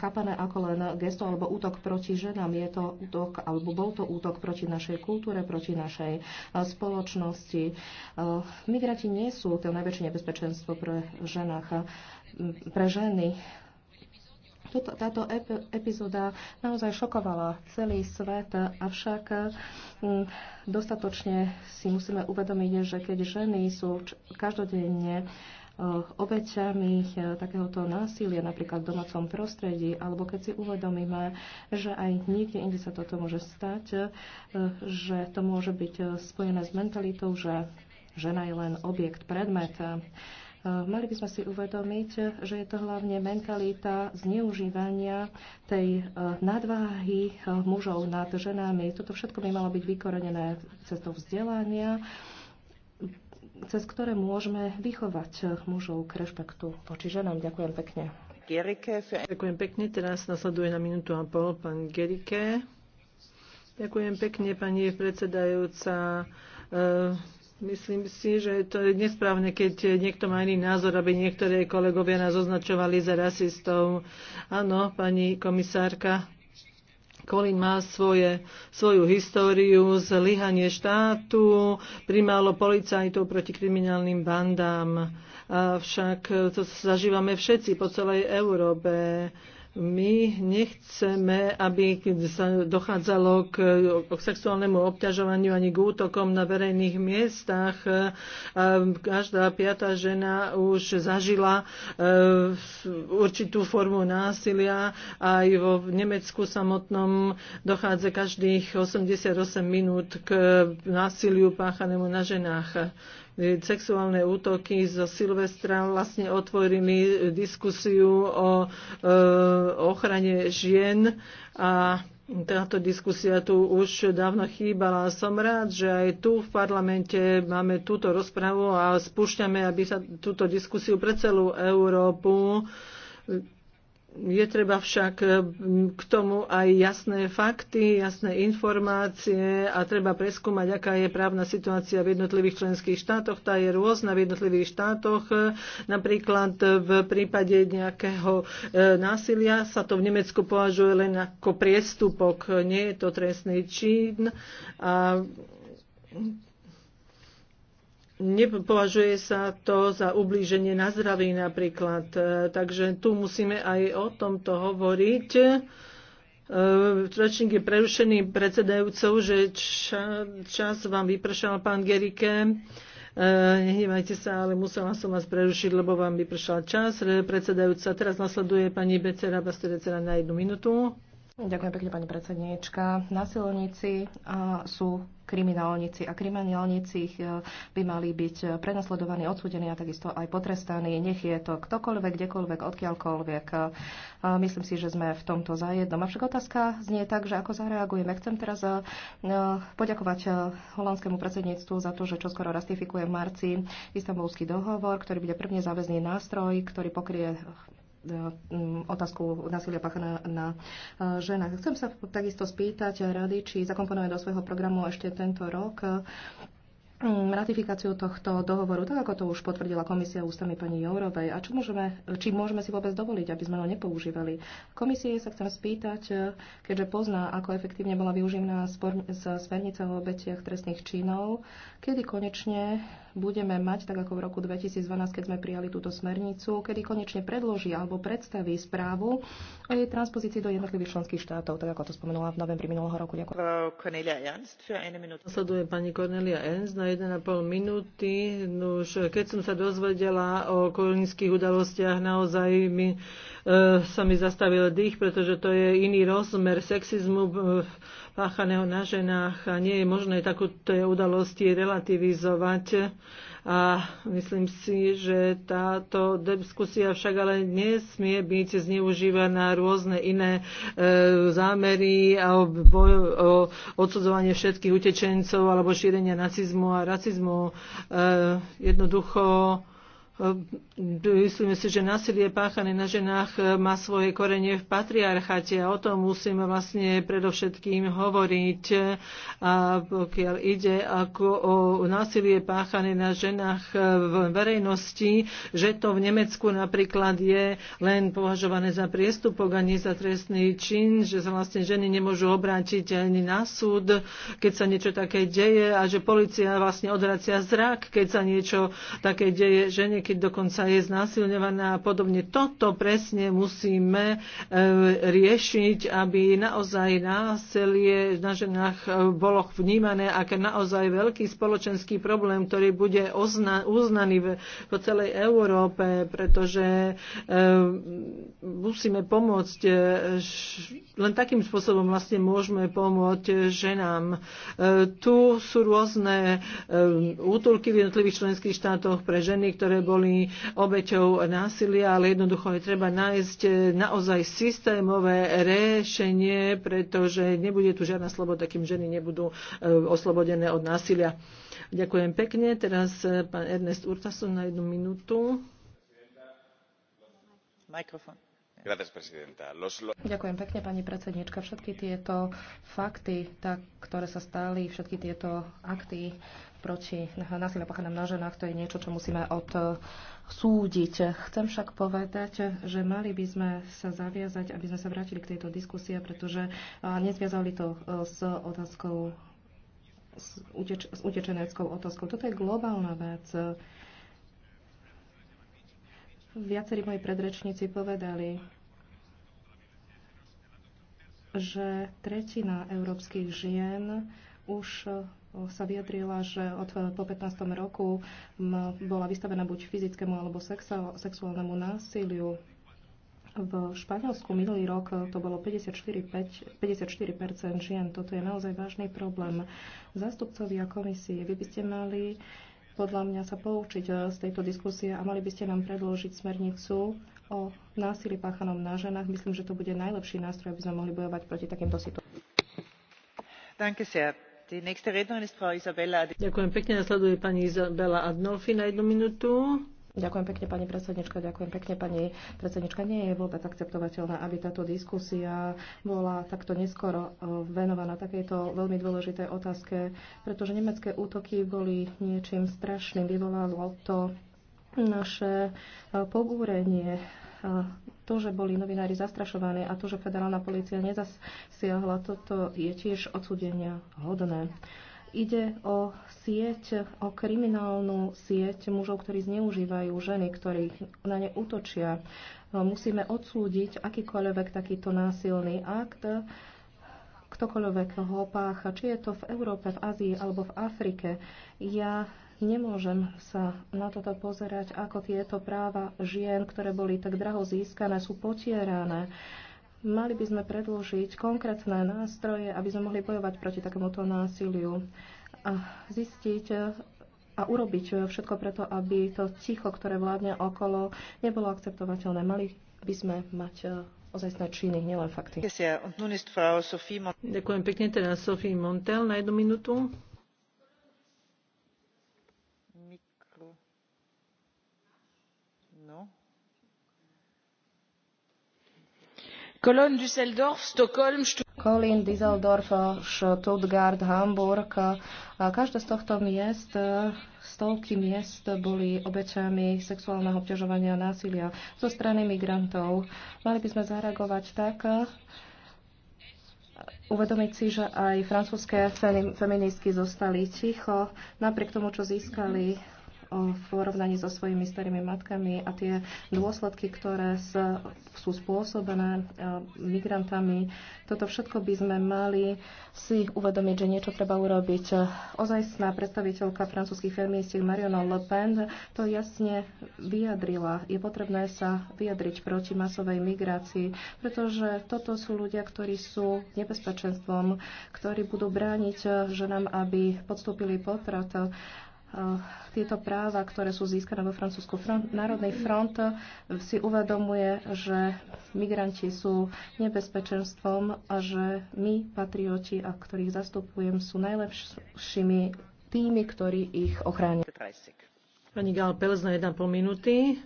chápané ako len gesto alebo útok proti ženám. Je to útok, alebo bol to útok proti našej kultúre, proti našej e, spoločnosti. E, migranti nie sú to najväčšie nebezpečenstvo pre ženách, e, pre ženy. Tuto, táto ep- epizóda naozaj šokovala celý svet, avšak m, mm, dostatočne si musíme uvedomiť, že keď ženy sú každodenne uh, Eh, obeťami eh, takéhoto násilia, napríklad v domácom prostredí, alebo keď si uvedomíme, že aj niekde inde sa toto môže stať, eh, že to môže byť spojené s mentalitou, že žena je len objekt, predmet. Mali by sme si uvedomiť, že je to hlavne mentalita zneužívania tej nadváhy mužov nad ženami. Toto všetko by malo byť vykorenené cestou vzdelania, cez ktoré môžeme vychovať mužov k rešpektu voči ženám. Ďakujem pekne. Ďakujem pekne. Teraz nasleduje na minútu a pol pán Gerike. Ďakujem pekne, pani predsedajúca. E, myslím si, že to je nesprávne, keď niekto má iný názor, aby niektoré kolegovia nás označovali za rasistov. Áno, pani komisárka, Kolín má svoje, svoju históriu, zlyhanie štátu, primálo policajtov proti kriminálnym bandám. Avšak to zažívame všetci po celej Európe. My nechceme, aby sa dochádzalo k, k sexuálnemu obťažovaniu ani k útokom na verejných miestach. Každá piata žena už zažila e, určitú formu násilia. Aj vo Nemecku samotnom dochádza každých 88 minút k násiliu páchanému na ženách. E, sexuálne útoky zo Silvestra vlastne otvorili diskusiu o e, ochrane žien a táto diskusia tu už dávno chýbala. Som rád, že aj tu v parlamente máme túto rozpravu a spúšťame aby sa túto diskusiu pre celú Európu je treba však eh, k tomu aj jasné fakty, jasné informácie a treba preskúmať, aká je právna situácia v jednotlivých členských štátoch. Tá je rôzna v jednotlivých štátoch. Napríklad v prípade nejakého eh, násilia sa to v Nemecku považuje len ako priestupok. Nie je to trestný čin. A Nepovažuje sa to za ublíženie na zdraví napríklad. E, takže tu musíme aj o tomto hovoriť. E, Ročník je prerušený predsedajúcov, že čas vám vypršal, pán Gerike. E, nehnevajte sa, ale musela som vás prerušiť, lebo vám vypršal čas. Predsedajúca, teraz nasleduje pani Becera Basterecera na jednu minútu. Ďakujem pekne, pani predsedníčka. Nasilovníci sú kriminálnici a kriminálnici e, by mali byť prenasledovaní, odsudení a takisto aj potrestaní. Nech je to ktokoľvek, kdekoľvek, odkiaľkoľvek. E, myslím si, že sme v tomto zajednom. Avšak otázka znie tak, že ako zareagujeme. Chcem teraz e, poďakovať holandskému predsedníctvu za to, že čoskoro ratifikuje v marci istambulský dohovor, ktorý bude prvne záväzný nástroj, ktorý pokrie E, otázku násilia páchaného na e, ženách. Chcem sa takisto spýtať rady, či zakomponuje do svojho programu ešte tento rok e, ratifikáciu tohto dohovoru, tak ako to už potvrdila komisia ústami pani Jourovej. A čo môžeme, či môžeme si vôbec dovoliť, aby sme ho nepoužívali? Komisie sa chcem spýtať, keďže pozná, ako efektívne bola využívaná smernica o obetiach trestných činov, kedy konečne budeme mať, tak ako v roku 2012, keď sme prijali túto smernicu, kedy konečne predloží alebo predstaví správu o jej transpozícii do jednotlivých členských štátov, tak ako to spomenula v novembri minulého roku. Ďakujem. Nasleduje pani Cornelia Ernst na 1,5 minúty. No Už keď som sa dozvedela o kolonických udalostiach, naozaj mi, e, sa mi zastavil dých, pretože to je iný rozmer sexizmu. E, páchaného na ženách a nie je možné takúto udalosti relativizovať. A myslím si, že táto diskusia však ale nesmie byť zneužívaná rôzne iné e, zámery a o, boj, o odsudzovanie všetkých utečencov alebo šírenia nacizmu a rasizmu. E, jednoducho Ehm, myslíme si, že násilie páchané na ženách e, má svoje korenie v patriarchate a o tom musíme vlastne predovšetkým hovoriť. A pokiaľ ide ako o násilie páchané na ženách e, v verejnosti, že to v Nemecku napríklad je len považované za priestupok a nie za trestný čin, že sa vlastne ženy nemôžu obrátiť ani na súd, keď sa niečo také deje a že policia vlastne odracia zrak, keď sa niečo také deje žene, keď dokonca je znásilňovaná a podobne. Toto presne musíme e, riešiť, aby naozaj násilie na ženách e, bolo vnímané ako naozaj veľký spoločenský problém, ktorý bude uznaný po celej Európe, pretože e, musíme pomôcť len takým spôsobom vlastne môžeme pomôcť ženám. E, tu sú rôzne e, útulky v jednotlivých členských štátoch pre ženy, ktoré boli obeťou násilia, ale jednoducho je treba nájsť e, naozaj systémové riešenie, pretože nebude tu žiadna sloboda, kým ženy nebudú oslobodené od násilia. Ďakujem pekne. Teraz pán Ernest Urtasun na jednu minútu. Mikrofón. Ďakujem pekne, pani predsednička. Všetky tieto fakty, tak, ktoré sa stali, všetky tieto akty proti násilia páchanom na ženách, to je niečo, čo musíme odsúdiť. Chcem však povedať, že mali by sme sa zaviazať, aby sme sa vrátili k tejto diskusie, pretože nezviazali to e, s otázkou s, uteč, s utečeneckou otázkou. Toto je globálna vec viacerí moji predrečníci povedali, že tretina európskych žien už e, sa vyjadrila, že od e, po 15. roku bola vystavená buď fyzickému alebo sexuálnemu násiliu. V Španielsku minulý rok e, to bolo 54, 5, 54% žien. Toto je naozaj vážny problém. Zástupcovia komisie, vy by ste mali uh, podľa mňa sa poučiť eh, z tejto diskusie a mali by ste nám predložiť smernicu o násilí páchanom na ženách. Myslím, že to bude najlepší nástroj, aby sme mohli bojovať proti takýmto situáciám. Ďakujem pekne. Nasleduje pani Izabela Adnolfi na jednu minútu. Ďakujem pekne, pani predsednička, ďakujem pekne, pani predsednička. Nie je vôbec akceptovateľné, aby táto diskusia bola takto neskoro eh, venovaná takejto veľmi dôležitej otázke, pretože nemecké útoky boli niečím strašným. Vyvolalo to naše eh, pobúrenie eh, to, že boli novinári zastrašovaní a to, že federálna policia nezasiahla, toto je tiež odsudenia hodné. Ide o sieť, o kriminálnu sieť mužov, ktorí zneužívajú ženy, ktorí na ne útočia. No, musíme odsúdiť akýkoľvek takýto násilný akt, ktokoľvek ho pácha, či je to v Európe, v Ázii alebo v Afrike. Ja nemôžem sa na toto pozerať, ako tieto práva žien, ktoré boli tak draho získané, sú potierané. Mali by sme predložiť konkrétne nástroje, aby sme mohli bojovať proti takémuto násiliu. A zistiť a urobiť všetko preto, aby to ticho, ktoré vládne okolo, nebolo akceptovateľné. Mali by sme mať e, ozajstné činy, nielen fakty. Ďakujem pekne teraz Sofii Montel na jednu minútu. Cologne, Düsseldorf, Stockholm, Kolín, Düsseldorf, Stuttgart, Hamburg. Každé z tohto miest, stovky miest boli obeťami sexuálneho obťažovania a násilia zo strany migrantov. Mali by sme zareagovať tak, uvedomiť si, že aj francúzske feministky zostali ticho, napriek tomu, čo získali v porovnaní so svojimi starými matkami a tie dôsledky, ktoré sú spôsobené e, migrantami. Toto všetko by sme mali si uvedomiť, že niečo treba urobiť. Ozajstná predstaviteľka francúzských feministiek Mariona Le Pen to jasne vyjadrila. Je potrebné sa vyjadriť proti masovej migrácii, pretože toto sú ľudia, ktorí sú nebezpečenstvom, ktorí budú brániť ženám, aby podstúpili potrat Eh, tieto práva, ktoré sú získané vo Francúzsku front, Národnej eh, front, si uvedomuje, že migranti sú nebezpečenstvom a že my, patrioti, a ktorých zastupujem, sú najlepšími tými, ktorí ich ochránia. Pani Gal Pelz na 1,5 minúty.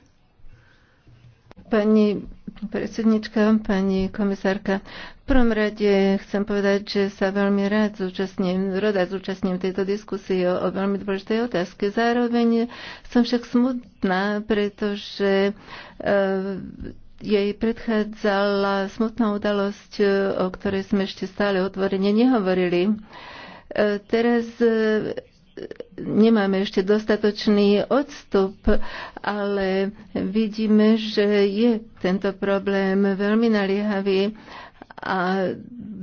Pani predsednička, pani komisárka, v prvom rade chcem povedať, že sa veľmi rád zúčastním, rada zúčastním tejto diskusie o, o veľmi dôležitej otázke. Zároveň som však smutná, pretože e, jej predchádzala smutná udalosť, o ktorej sme ešte stále otvorene nehovorili. E, teraz e, nemáme ešte dostatočný odstup, ale vidíme, že je tento problém veľmi naliehavý a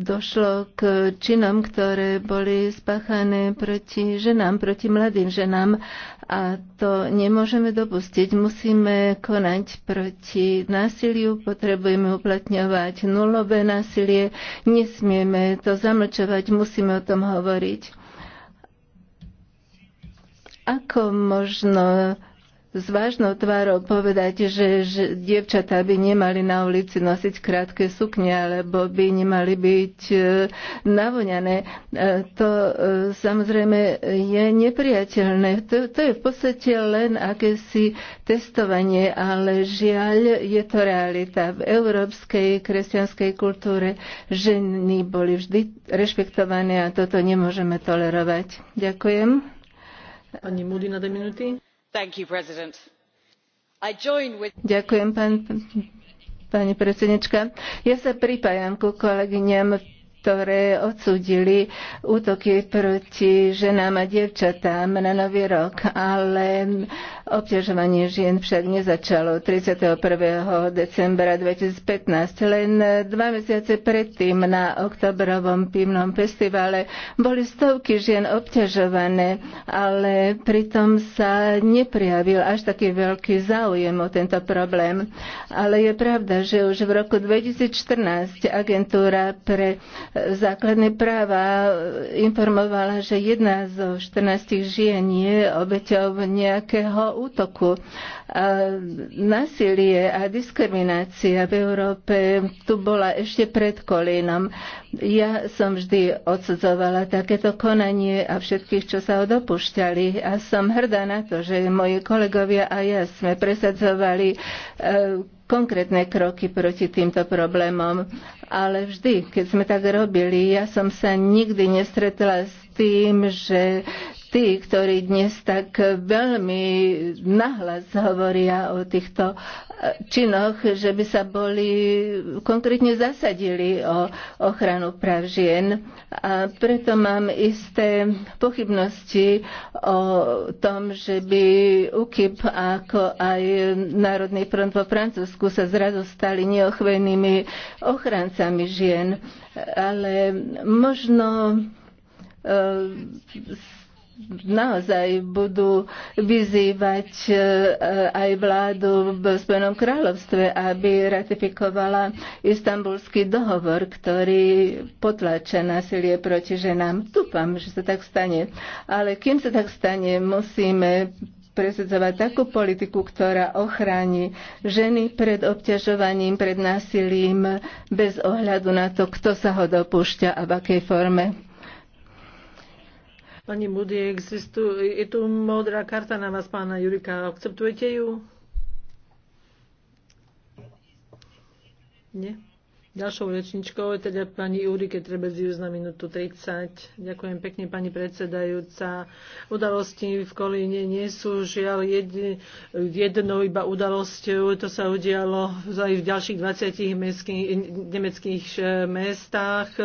došlo k činom, ktoré boli spáchané proti ženám, proti mladým ženám a to nemôžeme dopustiť. Musíme konať proti násiliu, potrebujeme uplatňovať nulové násilie, nesmieme to zamlčovať, musíme o tom hovoriť ako možno s vážnou tvárou povedať, že, že dievčatá by nemali na ulici nosiť krátke sukne, alebo by nemali byť e, navoňané. E, to e, samozrejme je nepriateľné. To, to je v podstate len akési testovanie, ale žiaľ je to realita. V európskej kresťanskej kultúre ženy boli vždy rešpektované a toto nemôžeme tolerovať. Ďakujem. Pani Moody na dve minúty. Thank you, President. I join with... Ďakujem, pán, pani predsednička. Ja sa pripájam ku kolegyňam v ktoré odsudili útoky proti ženám a dievčatám na Nový rok, ale obťažovanie žien však nezačalo 31. decembra 2015. Len dva mesiace predtým na oktobrovom pivnom festivale boli stovky žien obťažované, ale pritom sa neprijavil až taký veľký záujem o tento problém. Ale je pravda, že už v roku 2014 agentúra pre základné práva informovala, že jedna zo 14 žien je obeťou nejakého útoku. Nasilie a diskriminácia v Európe tu bola ešte pred kolínom. Ja som vždy odsudzovala takéto konanie a všetkých, čo sa ho dopušťali. A som hrdá na to, že moji kolegovia a ja sme presadzovali e, konkrétne kroky proti týmto problémom. Ale vždy, keď sme tak robili, ja som sa nikdy nestretla s tým, že tí, ktorí dnes tak veľmi nahlas hovoria o týchto e, činoch, že by sa boli konkrétne zasadili o ochranu práv žien. A preto mám isté pochybnosti o tom, že by UKIP ako aj Národný front vo Francúzsku sa zrazu stali neochvejnými ochrancami žien. Ale možno e, naozaj budú vyzývať e, aj vládu v Spojenom kráľovstve, aby ratifikovala istambulský dohovor, ktorý potláča násilie proti ženám. Dúfam, že sa tak stane. Ale kým sa tak stane, musíme presedzovať takú politiku, ktorá ochráni ženy pred obťažovaním, pred násilím, bez ohľadu na to, kto sa ho dopúšťa a v akej forme. Pani Moody, existuje, je tu modrá karta na vás, pána Jurika. Akceptujete ju? Nie. Ďalšou rečničkou je teda pani Urike Trebezius na minútu 30. Ďakujem pekne, pani predsedajúca. Udalosti v Kolíne nie sú žiaľ jednou iba udalosťou. To sa udialo aj v ďalších 20 mestských, nemeckých eh, mestách.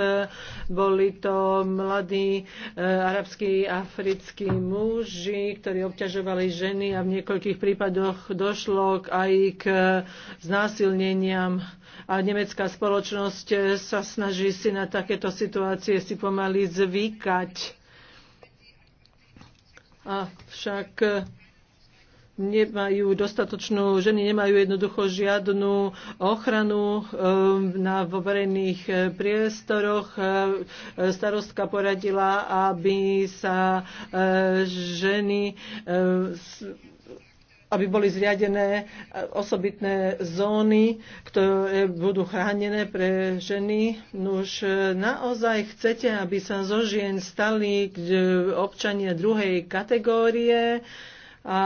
Boli to mladí eh, arabskí, africkí muži, ktorí obťažovali ženy a v niekoľkých prípadoch došlo aj k eh, znásilneniam a nemecká spoločnosť eh, sa snaží si na takéto situácie si pomaly zvykať. však eh, nemajú dostatočnú, ženy nemajú jednoducho žiadnu ochranu eh, na verejných priestoroch. Starostka poradila, aby sa ženy aby boli zriadené e, osobitné zóny, ktoré budú chránené pre ženy. Už e, naozaj chcete, aby sa zo žien stali e, občania druhej kategórie a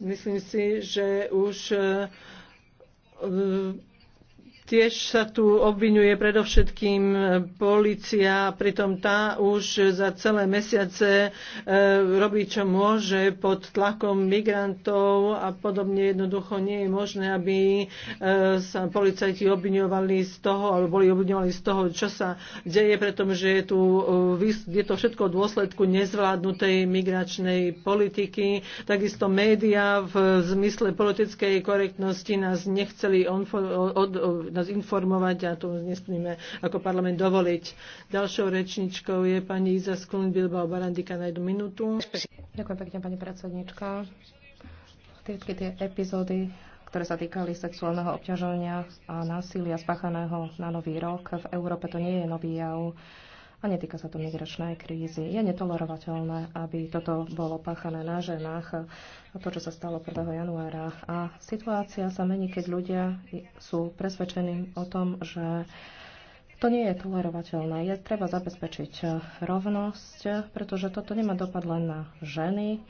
myslím si, že už Tiež sa tu obvinuje predovšetkým policia, pritom tá už za celé mesiace e, robí, čo môže pod tlakom migrantov a podobne. Jednoducho nie je možné, aby e, sa policajti obviňovali z toho, alebo boli obviňovali z toho, čo sa deje, pretože je, tu, e, je to všetko v dôsledku nezvládnutej migračnej politiky. Takisto médiá v zmysle politickej korektnosti nás nechceli on, od, od, nás informovať a to nesmíme ako parlament dovoliť. Ďalšou rečničkou je pani Iza Sklun Bilbao Barandika na jednu minútu. Ďakujem pekne, pani pracovníčka. Všetky tie epizódy ktoré sa týkali sexuálneho obťažovania a násilia spáchaného na nový rok. V Európe to nie je nový jav a netýka sa to migračnej krízy. Je netolerovateľné, aby toto bolo páchané na ženách, to, čo sa stalo 1. januára. A situácia sa mení, keď ľudia sú presvedčení o tom, že to nie je tolerovateľné. Je treba zabezpečiť rovnosť, pretože toto nemá dopad len na ženy.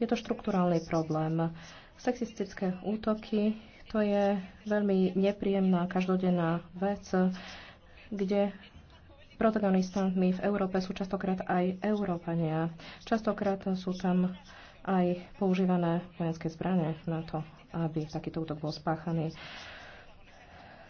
Je to štruktúrálny problém. Sexistické útoky, to je veľmi nepríjemná každodenná vec, kde Protagonistami v Európe sú častokrát aj Európania. Častokrát sú tam aj používané vojenské zbranie na to, aby takýto útok bol spáchaný.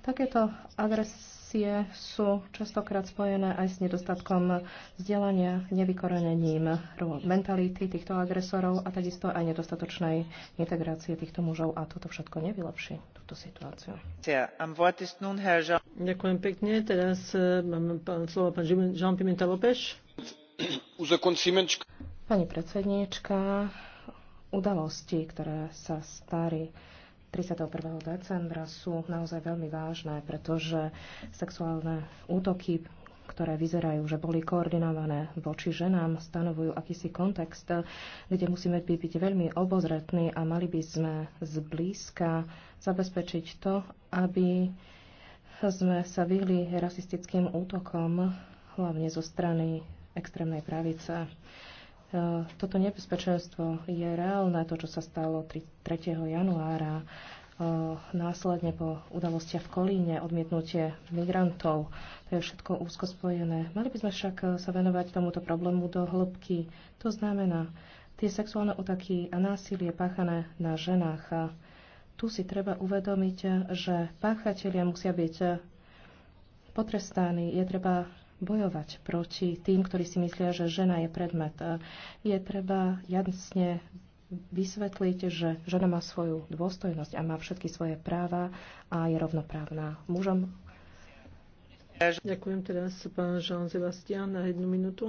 Takéto agres korupcie sú častokrát spojené aj s nedostatkom vzdelania, nevykorenením mentality týchto agresorov a takisto aj nedostatočnej integrácie týchto mužov a toto všetko nevylepší túto situáciu. Ďakujem pekne. Teraz e, mám pán, slovo pán Jean Pimenta Lopeš. Pani predsedníčka, udalosti, ktoré sa starí 31. decembra sú naozaj veľmi vážne, pretože sexuálne útoky, ktoré vyzerajú, že boli koordinované voči ženám, stanovujú akýsi kontext, kde musíme byť veľmi obozretní a mali by sme zblízka zabezpečiť to, aby sme sa vyhli rasistickým útokom, hlavne zo strany extrémnej pravice. E, toto nebezpečenstvo je reálne, to, čo sa stalo 3. januára, e, následne po udalostiach v Kolíne, odmietnutie migrantov. To je všetko úzko spojené. Mali by sme však sa venovať tomuto problému do hĺbky. To znamená, tie sexuálne útaky a násilie páchané na ženách. A tu si treba uvedomiť, že páchatelia musia byť potrestaní. Je treba bojovať proti tým, ktorí si myslia, že žena je predmet. Je treba jasne vysvetliť, že žena má svoju dôstojnosť a má všetky svoje práva a je rovnoprávna mužom. Ďakujem teraz pán Jean Sebastian na jednu minútu.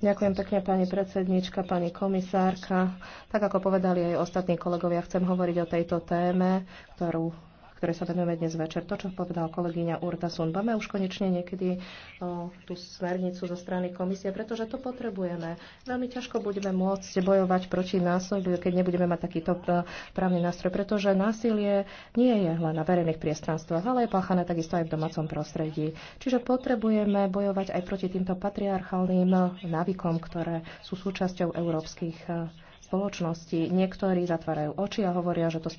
Ďakujem pekne, pani predsednička, pani komisárka. Tak ako povedali aj ostatní kolegovia, chcem hovoriť o tejto téme, ktorú ktoré sa venujeme dnes večer. To, čo povedal kolegyňa Urta Sun. Máme už konečne niekedy o, tú smernicu zo strany komisie, pretože to potrebujeme. Veľmi ťažko budeme môcť bojovať proti násiliu, keď nebudeme mať takýto e, právny nástroj, pretože násilie nie je len na verejných priestranstvách, ale je páchané takisto aj v domácom prostredí. Čiže potrebujeme bojovať aj proti týmto patriarchálnym e, návykom, ktoré sú súčasťou európskych e, spoločnosti. Niektorí zatvárajú oči a hovoria, že to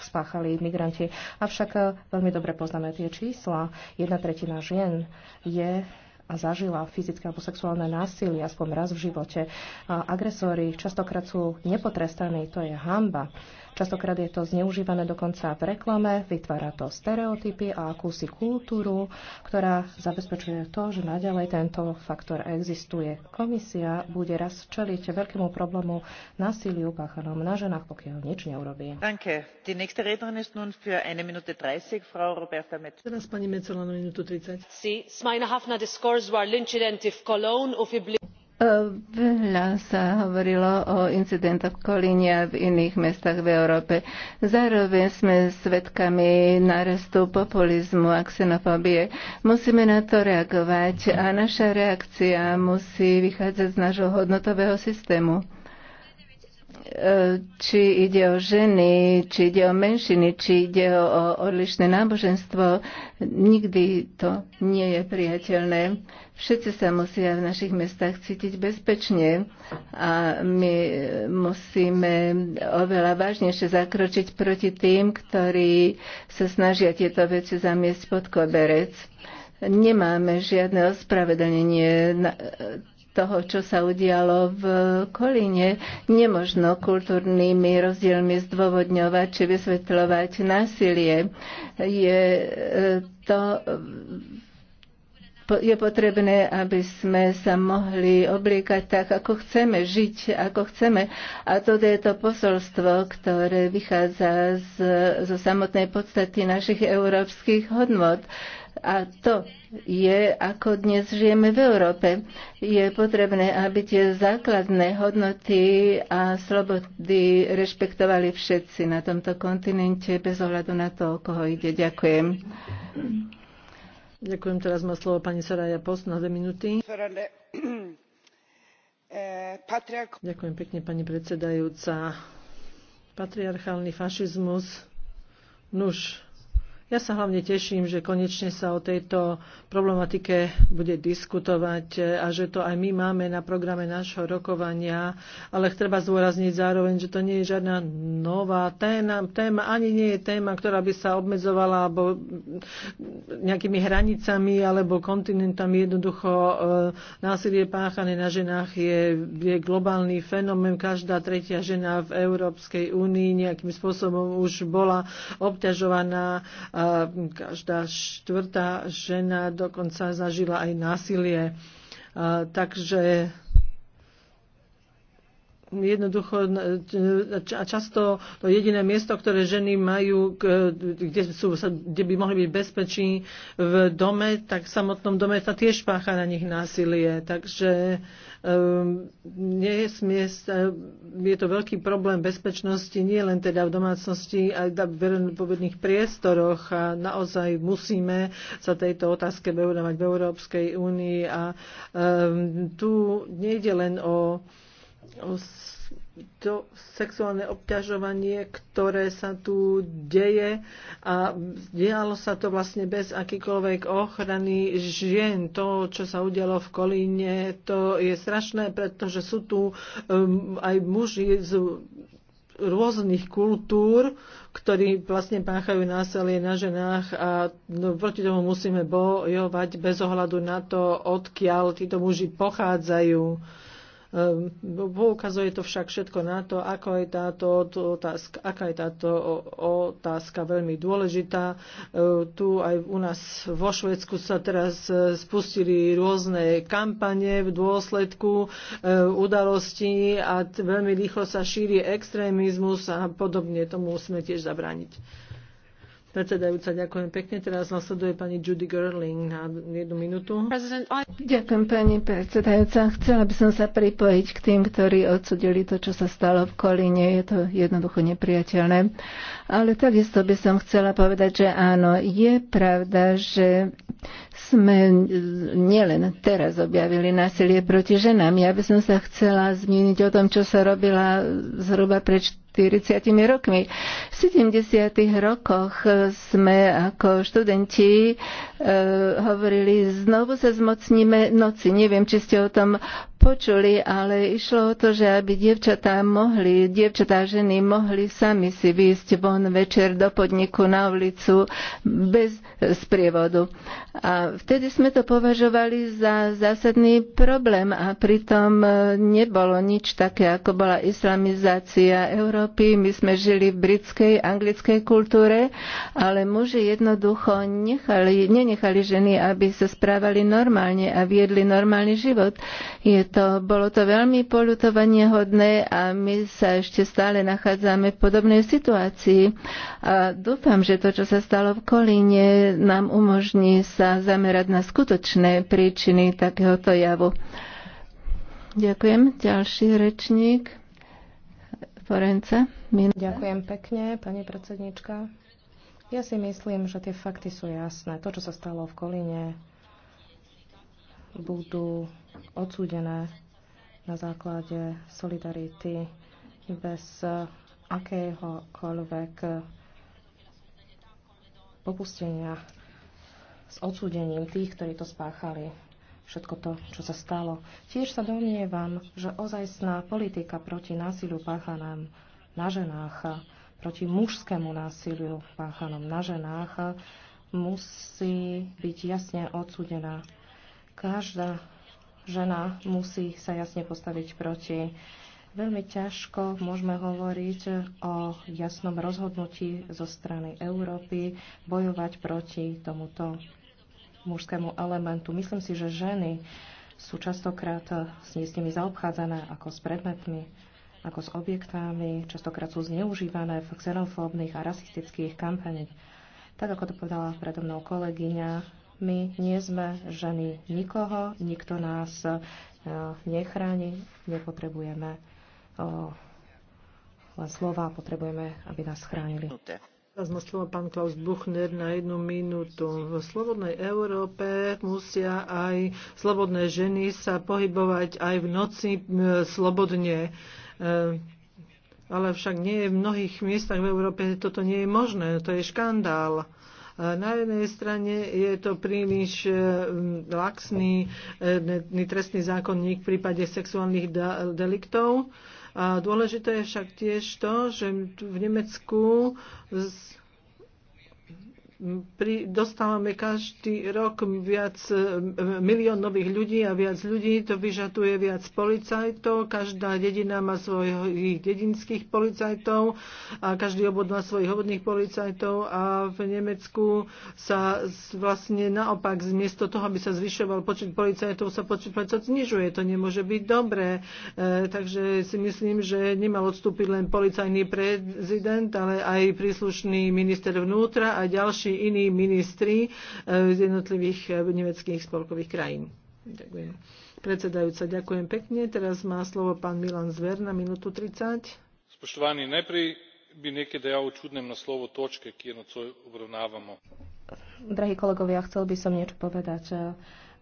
spáchali migranti. Avšak eh, veľmi dobre poznáme tie čísla. Jedna tretina žien je a zažila fyzické alebo sexuálne násilie aspoň raz v živote. Agresóri častokrát sú nepotrestaní, to je hamba. Častokrát je to zneužívané dokonca v reklame, vytvára to stereotypy a akúsi kultúru, ktorá zabezpečuje to, že naďalej tento faktor existuje. Komisia bude raz čeliť veľkému problému násiliu páchanom na ženách, pokiaľ nič neurobí. Teraz pani Mecola na minútu 30. Veľa sa hovorilo o incidentoch v Kolíne a v iných mestách v Európe. Zároveň sme svedkami narastu populizmu a xenofóbie. Musíme na to reagovať a naša reakcia musí vychádzať z nášho hodnotového systému či ide o ženy, či ide o menšiny, či ide o odlišné náboženstvo, nikdy to nie je priateľné. Všetci sa musia v našich mestách cítiť bezpečne a my musíme oveľa vážnejšie zakročiť proti tým, ktorí sa snažia tieto veci zamiesť pod koberec. Nemáme žiadne ospravedlnenie toho, čo sa udialo v Kolíne. Nemožno kultúrnymi rozdielmi zdôvodňovať či vysvetľovať násilie. Je e, to je potrebné, aby sme sa mohli obliekať tak, ako chceme, žiť ako chceme. A toto je to posolstvo, ktoré vychádza z, zo samotnej podstaty našich európskych hodnot. A to, je, ako dnes žijeme v Európe. Je potrebné, aby tie základné hodnoty a slobody rešpektovali všetci na tomto kontinente, bez ohľadu na to, o koho ide. Ďakujem. Ďakujem. Teraz má slovo pani Saraja Post na dve minúty. Ďakujem pekne, pani predsedajúca. Patriarchálny fašizmus, nuž, ja sa hlavne teším, že konečne sa o tejto problematike bude diskutovať e, a že to aj my máme na programe nášho rokovania, ale treba zdôrazniť zároveň, že to nie je žiadna nová téma, téma ani nie je téma, ktorá by sa obmedzovala alebo mm, nejakými hranicami alebo kontinentami. Jednoducho e, násilie páchané na ženách je, je globálny fenomén. Každá tretia žena v Európskej únii nejakým spôsobom už bola obťažovaná a každá štvrtá žena dokonca zažila aj násilie. Takže jednoducho a často to jediné miesto, ktoré ženy majú, kde, sú, kde by mohli byť bezpečí v dome, tak v samotnom dome sa tiež pácha na nich násilie. Takže um, nie je, je to veľký problém bezpečnosti, nie len teda v domácnosti, aj v verejnopovedných priestoroch a naozaj musíme sa tejto otázke venovať v Európskej únii a um, tu nejde len o to sexuálne obťažovanie, ktoré sa tu deje a dialo sa to vlastne bez akýkoľvek ochrany žien. To, čo sa udialo v Kolíne, to je strašné, pretože sú tu um, aj muži z rôznych kultúr, ktorí vlastne páchajú násilie na ženách a no, proti tomu musíme bojovať bez ohľadu na to, odkiaľ títo muži pochádzajú Ehm, poukazuje to však všetko na to, ako je táto otázka, aká je táto otázka veľmi dôležitá. Ehm, tu aj u nás vo Švedsku sa teraz e, spustili rôzne kampane v dôsledku e, udalostí a veľmi rýchlo sa šíri extrémizmus a podobne. Tomu musíme tiež zabrániť. Predsedajúca, ďakujem pekne. Teraz nasleduje pani Judy Gerling na jednu minútu. Ďakujem pani predsedajúca. Chcela by som sa pripojiť k tým, ktorí odsudili to, čo sa stalo v Kolíne. Je to jednoducho nepriateľné. Ale takisto by som chcela povedať, že áno, je pravda, že sme nielen teraz objavili násilie proti ženám. Ja by som sa chcela zmieniť o tom, čo sa robila zhruba pred 40 rokmi. V 70. rokoch sme ako študenti e, hovorili, znovu sa zmocníme noci. Neviem, či ste o tom počuli, ale išlo o to, že aby dievčatá mohli, dievčatá a ženy mohli sami si výjsť von večer do podniku na ulicu bez sprievodu. A vtedy sme to považovali za zásadný problém a pritom e, nebolo nič také, ako bola islamizácia Európy Európy, my sme žili v britskej, anglickej kultúre, ale muži jednoducho nechali, nenechali ženy, aby sa správali normálne a viedli normálny život. Je to, bolo to veľmi polutovanie hodné a my sa ešte stále nachádzame v podobnej situácii. A dúfam, že to, čo sa stalo v Kolíne, nám umožní sa zamerať na skutočné príčiny takéhoto javu. Ďakujem. Ďalší rečník. Forence. Ďakujem pekne, pani predsednička. Ja si myslím, že tie fakty sú jasné. To, čo sa stalo v Kolíne, budú odsúdené na základe solidarity bez akéhokoľvek popustenia s odsúdením tých, ktorí to spáchali všetko to, čo sa stalo. Tiež sa domnievam, že ozajstná politika proti násiliu páchanám na ženách, proti mužskému násiliu páchanom na ženách musí byť jasne odsudená. Každá žena musí sa jasne postaviť proti. Veľmi ťažko môžeme hovoriť o jasnom rozhodnutí zo strany Európy bojovať proti tomuto mužskému elementu. Myslím si, že ženy sú častokrát s nimi zaobchádzané ako s predmetmi, ako s objektami, častokrát sú zneužívané v xenofóbnych a rasistických kampaniach. Tak ako to povedala predo mnou kolegyňa, my nie sme ženy nikoho, nikto nás e, nechráni, nepotrebujeme len slova, potrebujeme, aby nás chránili. Teraz má slovo pán Klaus Buchner na jednu minútu. V slobodnej Európe musia aj slobodné ženy sa pohybovať aj v noci e, slobodne. E, ale však nie v mnohých miestach v Európe toto nie je možné. To je škandál. E, na jednej strane je to príliš laxný trestný zákonník v prípade sexuálnych deliktov a dôležité je však tiež to, že v Nemecku z pri, dostávame každý rok viac e, milión nových ľudí a viac ľudí, to vyžaduje viac policajtov, každá dedina má svojich dedinských policajtov a každý obod má svojich obodných policajtov a v Nemecku sa vlastne naopak, miesto toho, aby sa zvyšoval počet policajtov, sa počet policajtov znižuje. To nemôže byť dobré. E, takže si myslím, že nemal odstúpiť len policajný prezident, ale aj príslušný minister vnútra a ďalší či iní ministri eh, z jednotlivých eh, nemeckých spolkových krajín. Ďakujem. Predsedajúca, ďakujem pekne. Teraz má slovo pán Milan Zver na minútu 30. Spoštovani, najprv by niekedy ja učudnem na slovo točke, ki no co obrovnávamo. Drahí kolegovia, chcel by som niečo povedať eh,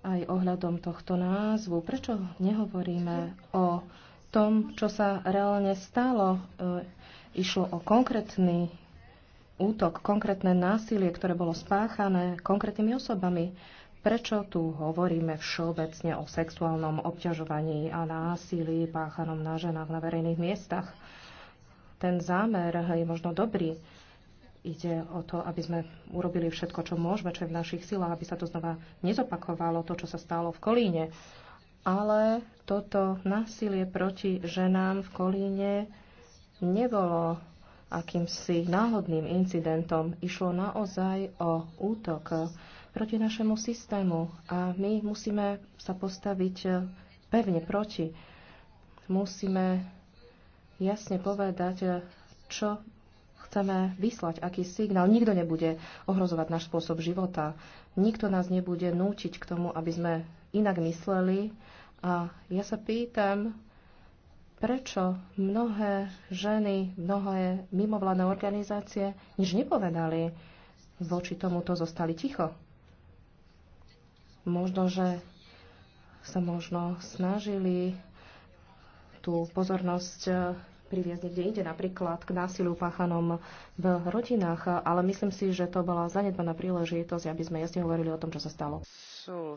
aj ohľadom tohto názvu. Prečo nehovoríme o tom, čo sa reálne stalo? Išlo o konkrétny útok, konkrétne násilie, ktoré bolo spáchané konkrétnymi osobami. Prečo tu hovoríme všeobecne o sexuálnom obťažovaní a násilí páchanom na ženách na verejných miestach? Ten zámer je možno dobrý. Ide o to, aby sme urobili všetko, čo môžeme, čo je v našich silách, aby sa to znova nezopakovalo, to, čo sa stalo v Kolíne. Ale toto násilie proti ženám v Kolíne nebolo akýmsi náhodným incidentom. Išlo naozaj o útok proti našemu systému a my musíme sa postaviť pevne proti. Musíme jasne povedať, čo chceme vyslať, aký signál. Nikto nebude ohrozovať náš spôsob života. Nikto nás nebude nútiť k tomu, aby sme inak mysleli. A ja sa pýtam, prečo mnohé ženy, mnohé mimovládne organizácie nič nepovedali, voči tomuto zostali ticho. Možno, že sa možno snažili tú pozornosť eh, priviesť niekde ide napríklad k násiliu páchanom v rodinách, ale myslím si, že to bola zanedbaná príležitosť, aby sme jasne hovorili o tom, čo sa stalo. So,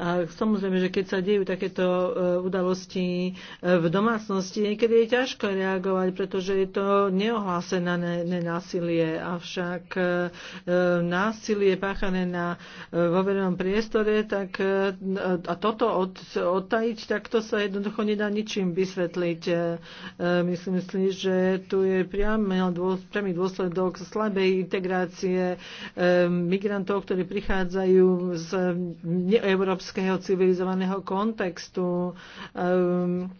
A samozrejme, že keď sa dejú takéto e, udalosti e, v domácnosti, niekedy je ťažko reagovať, pretože je to neohlásené násilie. Avšak e, násilie páchané na, vo verejnom priestore, tak a toto od, odtajiť, tak to sa jednoducho nedá ničím vysvetliť. Myslím si, že tu je priamy dôsledok slabej integrácie migrantov, ktorí prichádzajú z neeurópskej európskeho civilizovaného kontextu. Ehm,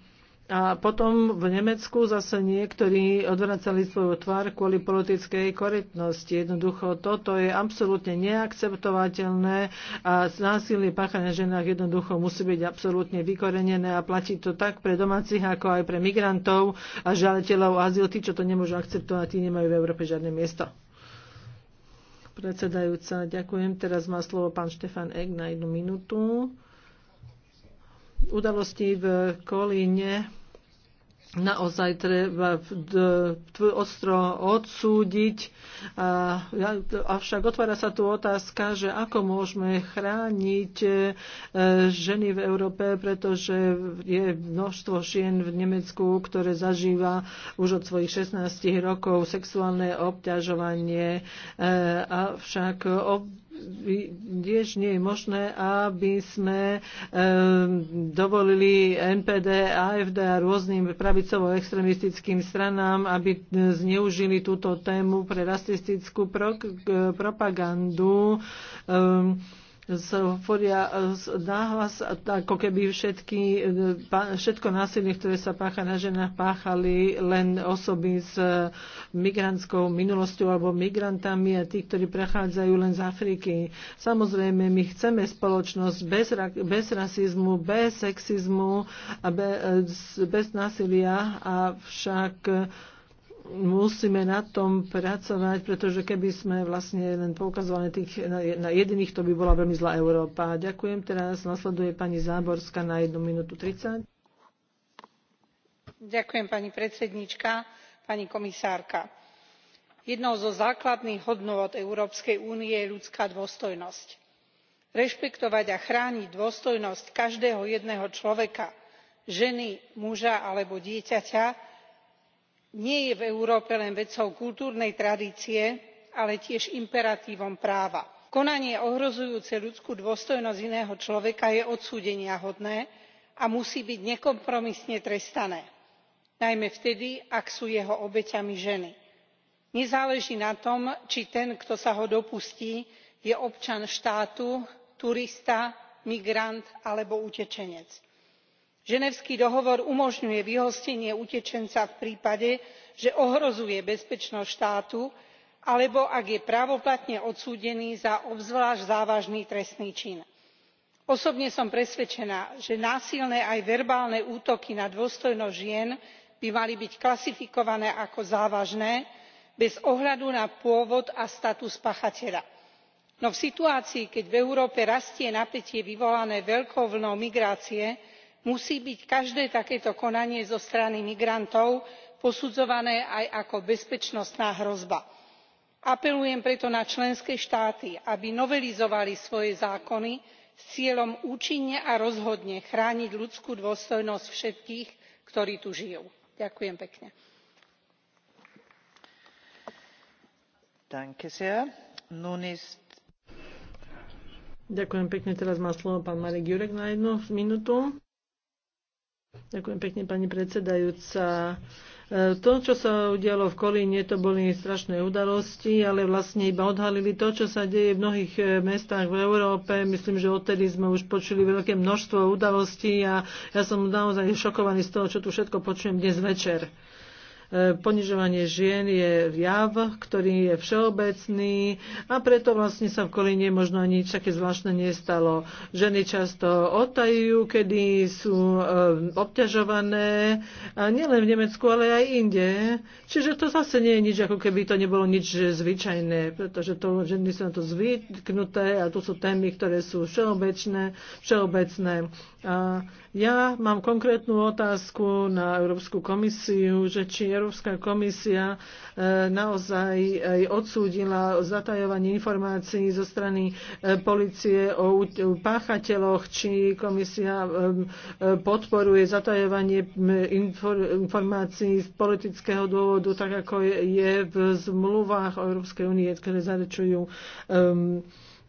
a potom v Nemecku zase niektorí odvracali svoju tvár kvôli politickej korektnosti. Jednoducho toto je absolútne neakceptovateľné a násilie páchané ženách jednoducho musí byť absolútne vykorenené a platí to tak pre domácich, ako aj pre migrantov a žiadateľov azyl. Tí, čo to nemôžu akceptovať, tí nemajú v Európe žiadne miesto. Predsedajúca, ďakujem. Teraz má slovo pán Štefan Ek na jednu minútu. Udalosti v Kolíne naozaj treba ostro odsúdiť. avšak otvára sa tu otázka, že ako môžeme chrániť e, ženy v Európe, pretože je množstvo žien v Nemecku, ktoré zažíva už od svojich 16 rokov sexuálne obťažovanie. E, avšak tiež nie je možné, aby sme e, dovolili NPD, AFD a rôznym pravicovo-extremistickým stranám, aby zneužili túto tému pre rasistickú pro, propagandu. E, zhovoria e, náhlas, ako keby všetky, e, všetko násilie, ktoré sa pácha na ženách, páchali len osoby s e, migrantskou minulosťou alebo migrantami a tí, ktorí prechádzajú len z Afriky. Samozrejme, my chceme spoločnosť bez, bez rasizmu, bez sexizmu a bez, bez násilia, avšak musíme na tom pracovať, pretože keby sme vlastne len poukazovali tých, na jediných, to by bola veľmi zlá Európa. Ďakujem. Teraz nasleduje pani Záborská na 1 minútu 30. Ďakujem pani predsednička, pani komisárka. Jednou zo základných hodnôt Európskej únie je ľudská dôstojnosť. Rešpektovať a chrániť dôstojnosť každého jedného človeka, ženy, muža alebo dieťaťa nie je v európe len vecou kultúrnej tradície ale tiež imperatívom práva. konanie ohrozujúce ľudskú dôstojnosť iného človeka je odsúdeniahodné a musí byť nekompromisne trestané najmä vtedy ak sú jeho obeťami ženy. nezáleží na tom či ten kto sa ho dopustí je občan štátu turista migrant alebo utečenec ženevský dohovor umožňuje vyhostenie utečenca v prípade že ohrozuje bezpečnosť štátu alebo ak je právoplatne odsúdený za obzvlášť závažný trestný čin. osobne som presvedčená že násilné aj verbálne útoky na dôstojnosť žien by mali byť klasifikované ako závažné bez ohľadu na pôvod a status páchateľa. no v situácii keď v európe rastie napätie vyvolané veľkou vlnou migrácie musí byť každé takéto konanie zo strany migrantov posudzované aj ako bezpečnostná hrozba. apelujem preto na členské štáty aby novelizovali svoje zákony s cieľom účinne a rozhodne chrániť ľudskú dôstojnosť všetkých ktorí tu žijú. ďakujem pekne. Ďakujem pekne. Teraz má slovo pán Marek Jurek na jednu Ďakujem pekne, pani predsedajúca. E, to, čo sa udialo v Kolíne, to boli strašné udalosti, ale vlastne iba odhalili to, čo sa deje v mnohých e, mestách v Európe. Myslím, že odtedy sme už počuli veľké množstvo udalostí a ja som naozaj šokovaný z toho, čo tu všetko počujem dnes večer. E, ponižovanie žien je jav, ktorý je všeobecný a preto vlastne sa v Kolíne možno ani nič také zvláštne nestalo. Ženy často otajú, kedy sú e, obťažované, a nielen v Nemecku, ale aj inde. Čiže to zase nie je nič, ako keby to nebolo nič zvyčajné, pretože to, ženy sú na to zvyknuté a tu sú témy, ktoré sú všeobecné. všeobecné. A ja mám konkrétnu otázku na Európsku komisiu, že či je. Európska komisia e, naozaj aj odsúdila zatajovanie informácií zo strany e, policie o páchateľoch, či komisia e, podporuje zatajovanie informácií z politického dôvodu, tak ako je v zmluvách Európskej únie, ktoré zarečujú um,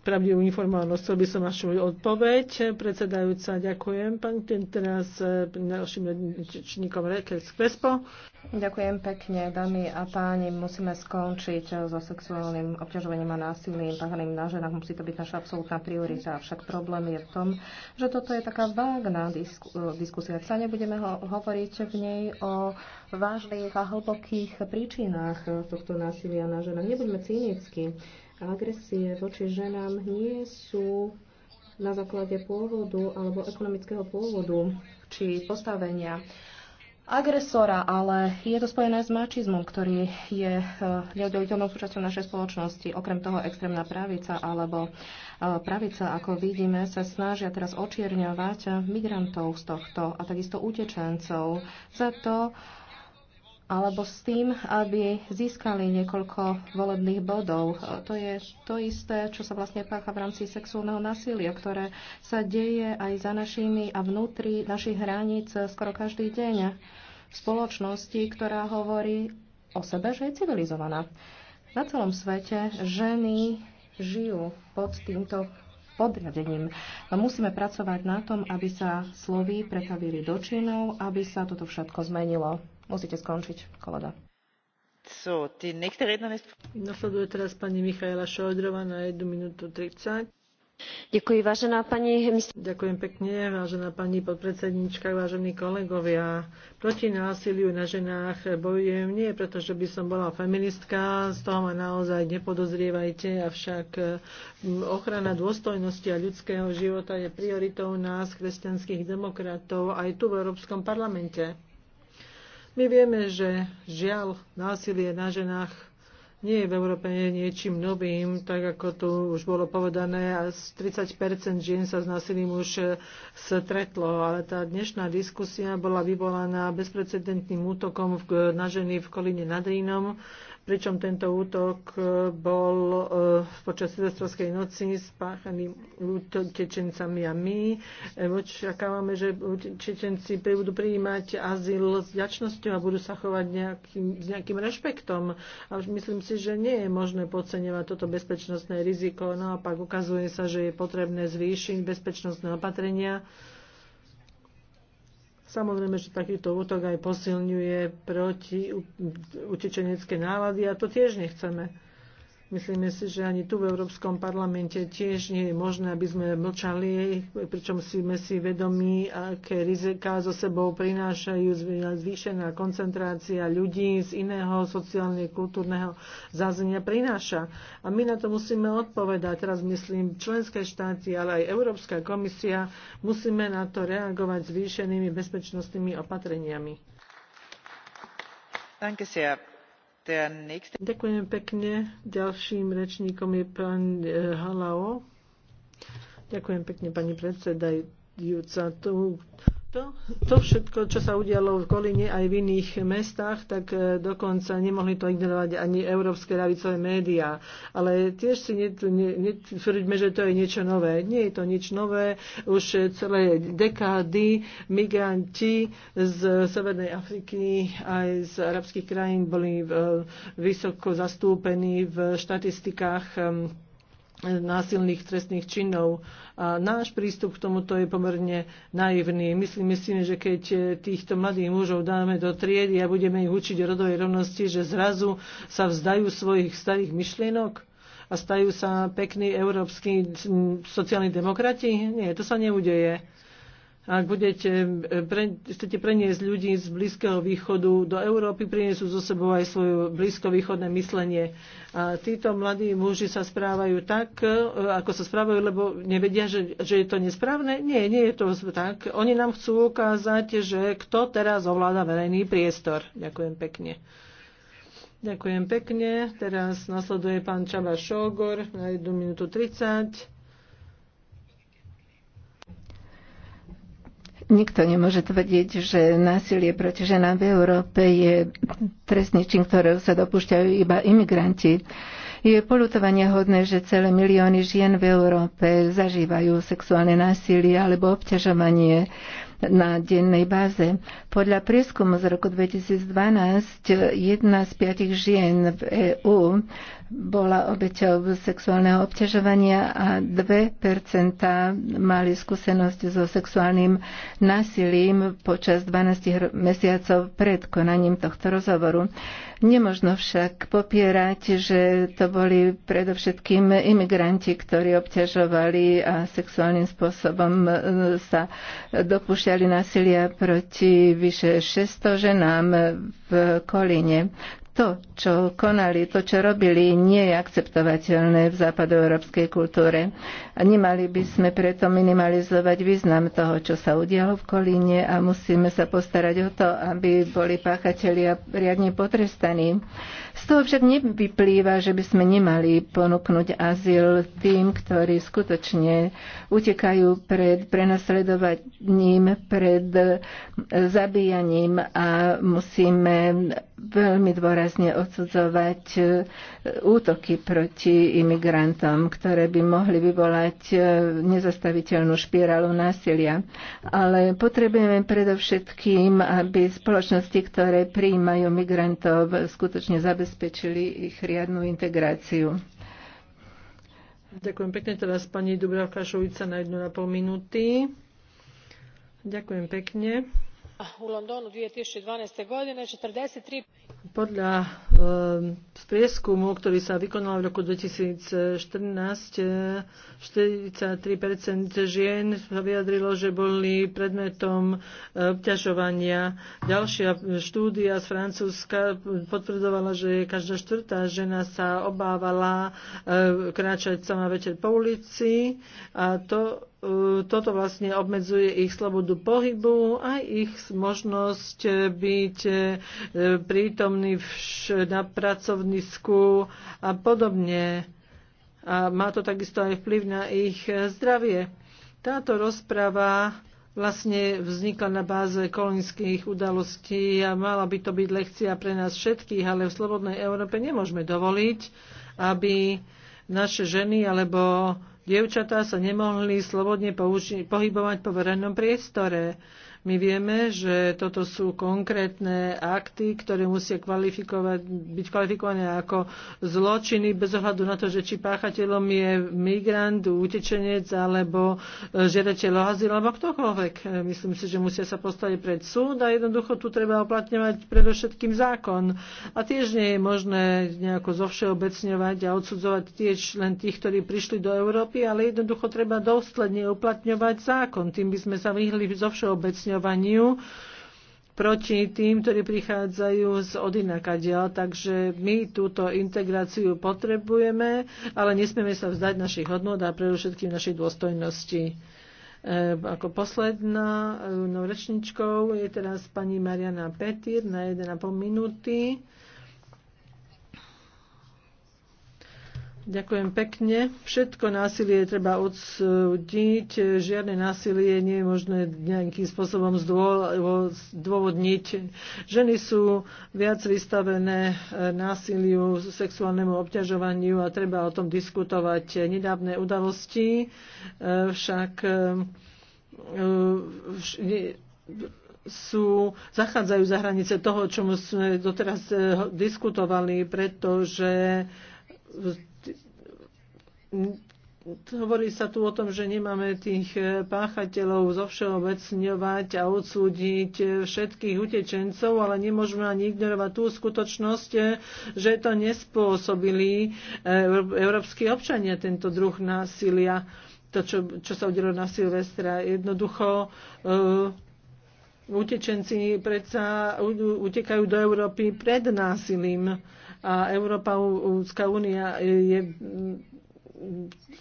pravdivú informovanosť. Chcel by som našu odpoveď. Predsedajúca, ďakujem. Pán ten teraz ďalším e, rečníkom Rekers Krespo. Ďakujem pekne, dámy a páni. Musíme skončiť e, so sexuálnym obťažovaním a násilím páchaným na ženách. Musí to byť naša absolútna priorita. však problém je v tom, že toto je taká vágná disku, e, diskusia. Sa nebudeme ho- hovoriť v nej o vážnych a hlbokých príčinách tohto násilia na ženách. Nebudeme cynickí agresie voči ženám nie sú na základe pôvodu alebo ekonomického pôvodu či postavenia agresora, ale je to spojené s mačizmom, ktorý je e, neoddeliteľnou súčasťou našej spoločnosti. Okrem toho extrémna pravica alebo e, pravica, ako vidíme, sa snažia teraz očierňovať migrantov z tohto a takisto utečencov za to, alebo s tým, aby získali niekoľko volebných bodov. To je to isté, čo sa vlastne pácha v rámci sexuálneho násilia, ktoré sa deje aj za našimi a vnútri našich hraníc skoro každý deň v spoločnosti, ktorá hovorí o sebe, že je civilizovaná. Na celom svete ženy žijú pod týmto podriadením. Musíme pracovať na tom, aby sa slovy pretavili do činov, aby sa toto všetko zmenilo. Musíte skončiť, kolega. So, ty nechte redno ist... Nasleduje teraz pani Michaela Šojdrova na 1 minútu 30. Ďakujem, vážená pani... Ďakujem pekne, vážená pani podpredsednička, vážení kolegovia. Proti násiliu na ženách bojujem nie, pretože by som bola feministka, z toho ma naozaj nepodozrievajte, avšak ochrana dôstojnosti a ľudského života je prioritou nás, kresťanských demokratov, aj tu v Európskom parlamente. My vieme, že žiaľ násilie na ženách nie je v Európe niečím novým, tak ako tu už bolo povedané, a 30 žien sa s násilím už e, stretlo, ale tá dnešná diskusia bola vyvolaná bezprecedentným útokom na ženy v Kolíne nad Rínom pričom tento útok e, bol e, počas svetovskej noci spáchaný utečencami a my. E, očakávame, že utečenci budú prijímať azyl s ďačnosťou a budú sa chovať nejakým, s nejakým rešpektom. A už myslím si, že nie je možné podceňovať toto bezpečnostné riziko. Naopak ukazuje sa, že je potrebné zvýšiť bezpečnostné opatrenia Samozrejme, že takýto útok aj posilňuje proti utečenecké nálady a to tiež nechceme. Myslíme si, že ani tu v Európskom parlamente tiež nie je možné, aby sme mlčali, pričom sme si vedomí, aké rizika so sebou prinášajú zvýšená koncentrácia ľudí z iného sociálne kultúrneho zázenia prináša. A my na to musíme odpovedať. Teraz myslím členské štáty, ale aj Európska komisia musíme na to reagovať zvýšenými bezpečnostnými opatreniami. Danke sehr. Ďakujem pekne. Ďalším rečníkom je pán e, Halao. Ďakujem pekne, pani predsedajúca. Tu to, to všetko, čo sa udialo v Koline aj v iných mestách, tak e, dokonca nemohli to ignorovať ani európske ravicové médiá. Ale tiež si tvrdíme, že to je niečo nové. Nie je to nič nové. Už celé dekády migranti z Severnej Afriky aj z arabských krajín boli e, vysoko zastúpení v štatistikách e, násilných trestných činov. A náš prístup k tomuto je pomerne naivný. Myslíme si, že keď týchto mladých mužov dáme do triedy a budeme ich učiť o rodovej rovnosti, že zrazu sa vzdajú svojich starých myšlienok a stajú sa pekní európsky sociálni demokrati? Nie, to sa neudeje ak budete, eh, pre, chcete preniesť ľudí z Blízkeho východu do Európy, priniesú zo sebou aj svoje blízkovýchodné myslenie. A títo mladí muži sa správajú tak, eh, ako sa správajú, lebo nevedia, že, že je to nesprávne. Nie, nie je to tak. Oni nám chcú ukázať, že kto teraz ovláda verejný priestor. Ďakujem pekne. Ďakujem pekne. Teraz nasleduje pán Čaba Šogor na 1 minútu 30. Nikto nemôže tvrdiť, že násilie proti ženám v Európe je trestný čin, ktorého sa dopúšťajú iba imigranti. Je polutovanie hodné, že celé milióny žien v Európe zažívajú sexuálne násilie alebo obťažovanie na dennej báze. Podľa prieskumu z roku 2012 jedna z piatich žien v EÚ bola obeťou sexuálneho obťažovania a 2% mali skúsenosť so sexuálnym násilím počas 12 mesiacov pred konaním tohto rozhovoru. Nemožno však popierať, že to boli predovšetkým imigranti, ktorí obťažovali a sexuálnym spôsobom e, sa dopúšťali násilia proti vyše 600 ženám v Kolíne. To, čo konali, to, čo robili, nie je akceptovateľné v západoeurópskej kultúre. A nemali by sme preto minimalizovať význam toho, čo sa udialo v Kolíne a musíme sa postarať o to, aby boli páchatelia riadne potrestaní. Z toho však nevyplýva, že by sme nemali ponúknuť azyl tým, ktorí skutočne utekajú pred prenasledovaním, pred zabíjaním a musíme veľmi dôrazne odsudzovať e, útoky proti imigrantom, ktoré by mohli vyvolať e, nezastaviteľnú špirálu násilia. Ale potrebujeme predovšetkým, aby spoločnosti, ktoré prijímajú migrantov, skutočne zabezpečili zabezpečili ich riadnu integráciu. Ďakujem pekne teraz pani Dubravka Šovica na jednu na pol minúty. Ďakujem pekne u londonu. two thousand and twelve godine forty three podľa ehm, prieskumu, ktorý sa vykonal v roku 2014, 43 e, žien sa vyjadrilo, že boli predmetom e, obťažovania. Ďalšia štúdia z Francúzska potvrdovala, že každá štvrtá žena sa obávala e, kráčať sama večer po ulici a to E, toto vlastne obmedzuje ich slobodu pohybu a ich možnosť byť e, prítomný na pracovnisku a podobne. A má to takisto aj vplyv na ich zdravie. Táto rozprava vlastne vznikla na báze kolinských udalostí a mala by to byť lekcia pre nás všetkých, ale v Slobodnej Európe nemôžeme dovoliť, aby naše ženy alebo Dievčatá sa nemohli slobodne pohybovať po verejnom priestore. My vieme, že toto sú konkrétne akty, ktoré musia kvalifikovať, byť kvalifikované ako zločiny bez ohľadu na to, že či páchateľom je migrant, utečenec alebo e, žiadateľ o azyl alebo ktokoľvek. E, myslím si, že musia sa postaviť pred súd a jednoducho tu treba oplatňovať predovšetkým zákon. A tiež nie je možné nejako zovšeobecňovať a odsudzovať tiež len tých, ktorí prišli do Európy, ale jednoducho treba dôsledne uplatňovať zákon. Tým by sme sa vyhli zovšeobecňovať uplatňovaniu proti tým, ktorí prichádzajú z diel. Takže my túto integráciu potrebujeme, ale nesmieme sa vzdať našich hodnot a predovšetkým našej dôstojnosti. E, ako posledná e, no, rečničkou je teraz pani Mariana Petír na 1,5 minúty. Ďakujem pekne. Všetko násilie treba odsúdiť. Žiadne násilie nie je možné nejakým spôsobom zdôvodniť. Ženy sú viac vystavené násiliu, sexuálnemu obťažovaniu a treba o tom diskutovať. Nedávne udalosti eh, však eh, sú, zachádzajú za hranice toho, čo sme doteraz eh, diskutovali, pretože hovorí sa tu o tom, že nemáme tých e, páchateľov zovšeobecňovať a odsúdiť e, všetkých utečencov, ale nemôžeme ani ignorovať tú skutočnosť, e, že to nespôsobili európsky občania tento druh násilia, to, čo, čo sa udelo na Silvestra. Jednoducho utečenci predsa utekajú do Európy pred násilím a Európa, Európska únia je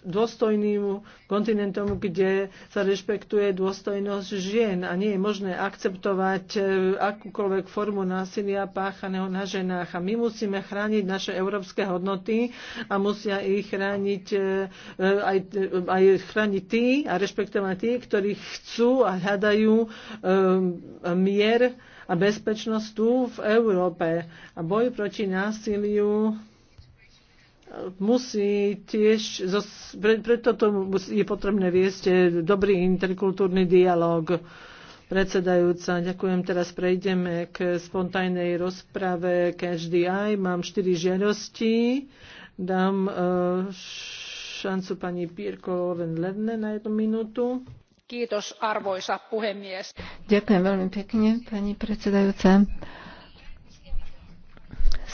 dôstojným kontinentom, kde sa rešpektuje dôstojnosť žien a nie je možné akceptovať e, akúkoľvek formu násilia páchaného na ženách. A my musíme chrániť naše európske hodnoty a musia ich chrániť e, e, aj, aj chrániť tí a rešpektovať tí, ktorí chcú a hľadajú mier a bezpečnosť tu v Európe. A boj proti násiliu musí tiež, preto to je potrebné viesť eh, dobrý interkultúrny dialog predsedajúca. Ďakujem, teraz prejdeme k spontánnej rozprave každý aj. Mám štyri žiadosti. Dám eh, šancu pani Pírko Oven-Ledne na jednu minútu. Kiitos, arvoisa puhemies. Ďakujem veľmi pekne, pani predsedajúca.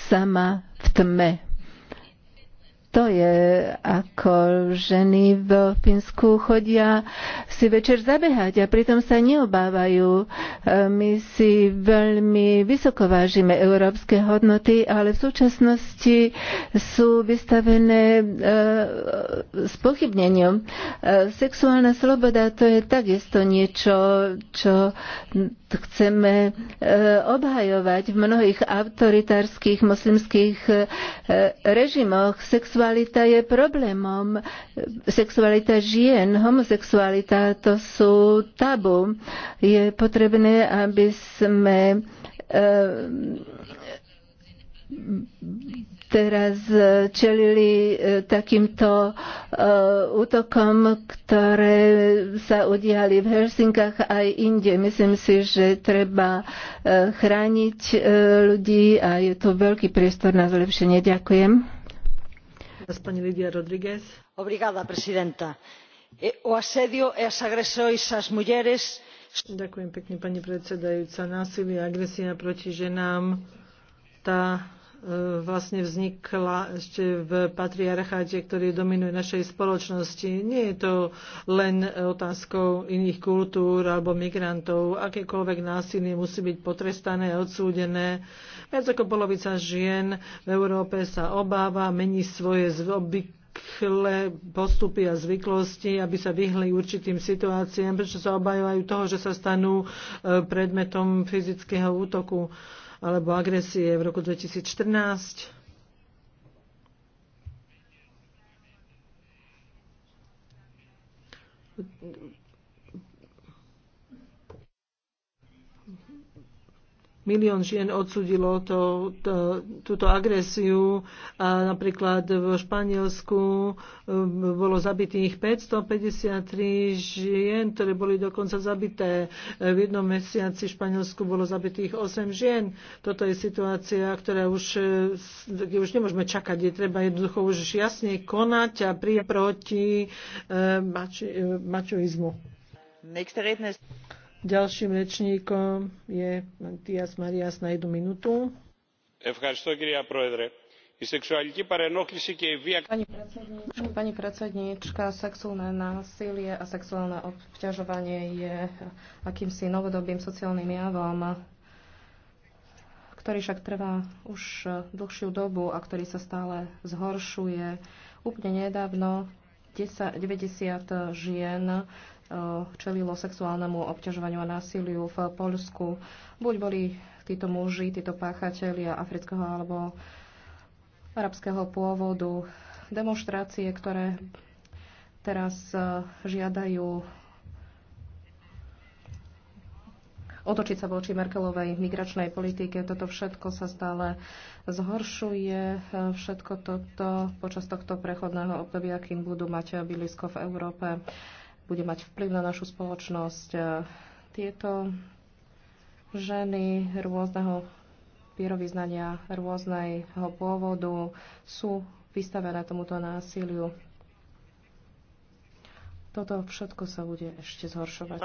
Sama v tme to je, ako ženy v Fínsku chodia si večer zabehať a pritom sa neobávajú. E, my si veľmi vysoko vážime európske hodnoty, ale v súčasnosti sú vystavené e, spochybneniu. E, sexuálna sloboda to je takisto niečo, čo chceme e, obhajovať v mnohých autoritárskych moslimských e, režimoch. Sexu- sexualita je problémom. Sexualita žien, homosexualita to sú tabu. Je potrebné, aby sme eh, teraz čelili eh, takýmto eh, útokom, ktoré sa udiali v Helsinkách aj inde. Myslím si, že treba chrániť ľudí a je tu veľký priestor na zlepšenie. Ďakujem. Aspoň Lidia Rodríguez. Obrigada, presidenta. E, o asedio, e as agresores, as mulleres... Ďakujem pekne, pani predsedajúca. Násilie, agresia proti ženám, tá E, vlastne vznikla ešte v patriarcháte, ktorý dominuje našej spoločnosti. Nie je to len otázkou iných kultúr alebo migrantov. Akékoľvek násilie musí byť potrestané a odsúdené. Viac ako polovica žien v Európe sa obáva, mení svoje zvoby postupy a zvyklosti, aby sa vyhli určitým situáciám, prečo sa obávajú toho, že sa stanú e, predmetom fyzického útoku alebo agresie v roku 2014. Milión žien odsudilo to, to, túto agresiu a napríklad v Španielsku um, bolo zabitých 553 žien, ktoré boli dokonca zabité. V jednom mesiaci v Španielsku bolo zabitých 8 žien. Toto je situácia, ktorá už, už nemôžeme čakať. Je treba jednoducho už jasne konať a prijať proti eh, mač, eh, mačoizmu. Ďalším rečníkom je Matias Marias na jednu minútu. Pani, pani sexuálne násilie a sexuálne obťažovanie je akýmsi novodobým sociálnym javom, ktorý však trvá už dlhšiu dobu a ktorý sa stále zhoršuje. Úplne nedávno 10, 90 žien Eh, čelilo sexuálnemu obťažovaniu a násiliu v Polsku. Buď boli títo muži, títo páchatelia afrického alebo arabského pôvodu. Demonstrácie, ktoré teraz eh, žiadajú otočiť sa voči Merkelovej migračnej politike. Toto všetko sa stále zhoršuje. Eh, všetko toto počas tohto prechodného obdobia, kým budú mať blízko v Európe bude mať vplyv na našu spoločnosť. E, tieto ženy rôzneho pierovýznania, rôzneho pôvodu sú vystavené tomuto násiliu. Toto všetko sa bude ešte zhoršovať.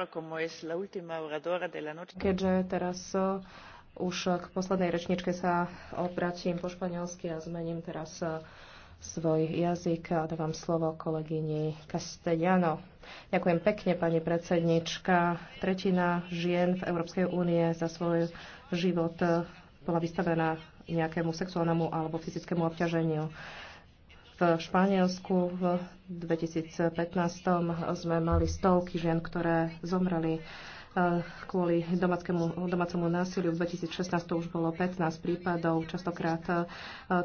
Keďže teraz e, už k poslednej rečničke sa obratím po španielsky a zmením teraz e, svoj jazyk a dávam slovo kolegyni Castellano. Ďakujem pekne, pani predsednička. Tretina žien v Európskej únie za svoj život bola vystavená nejakému sexuálnemu alebo fyzickému obťaženiu. V Španielsku v 2015 sme mali stovky žien, ktoré zomreli Eh, kvôli domácemu, domácemu násiliu. V 2016 to už bolo 15 prípadov. Častokrát eh,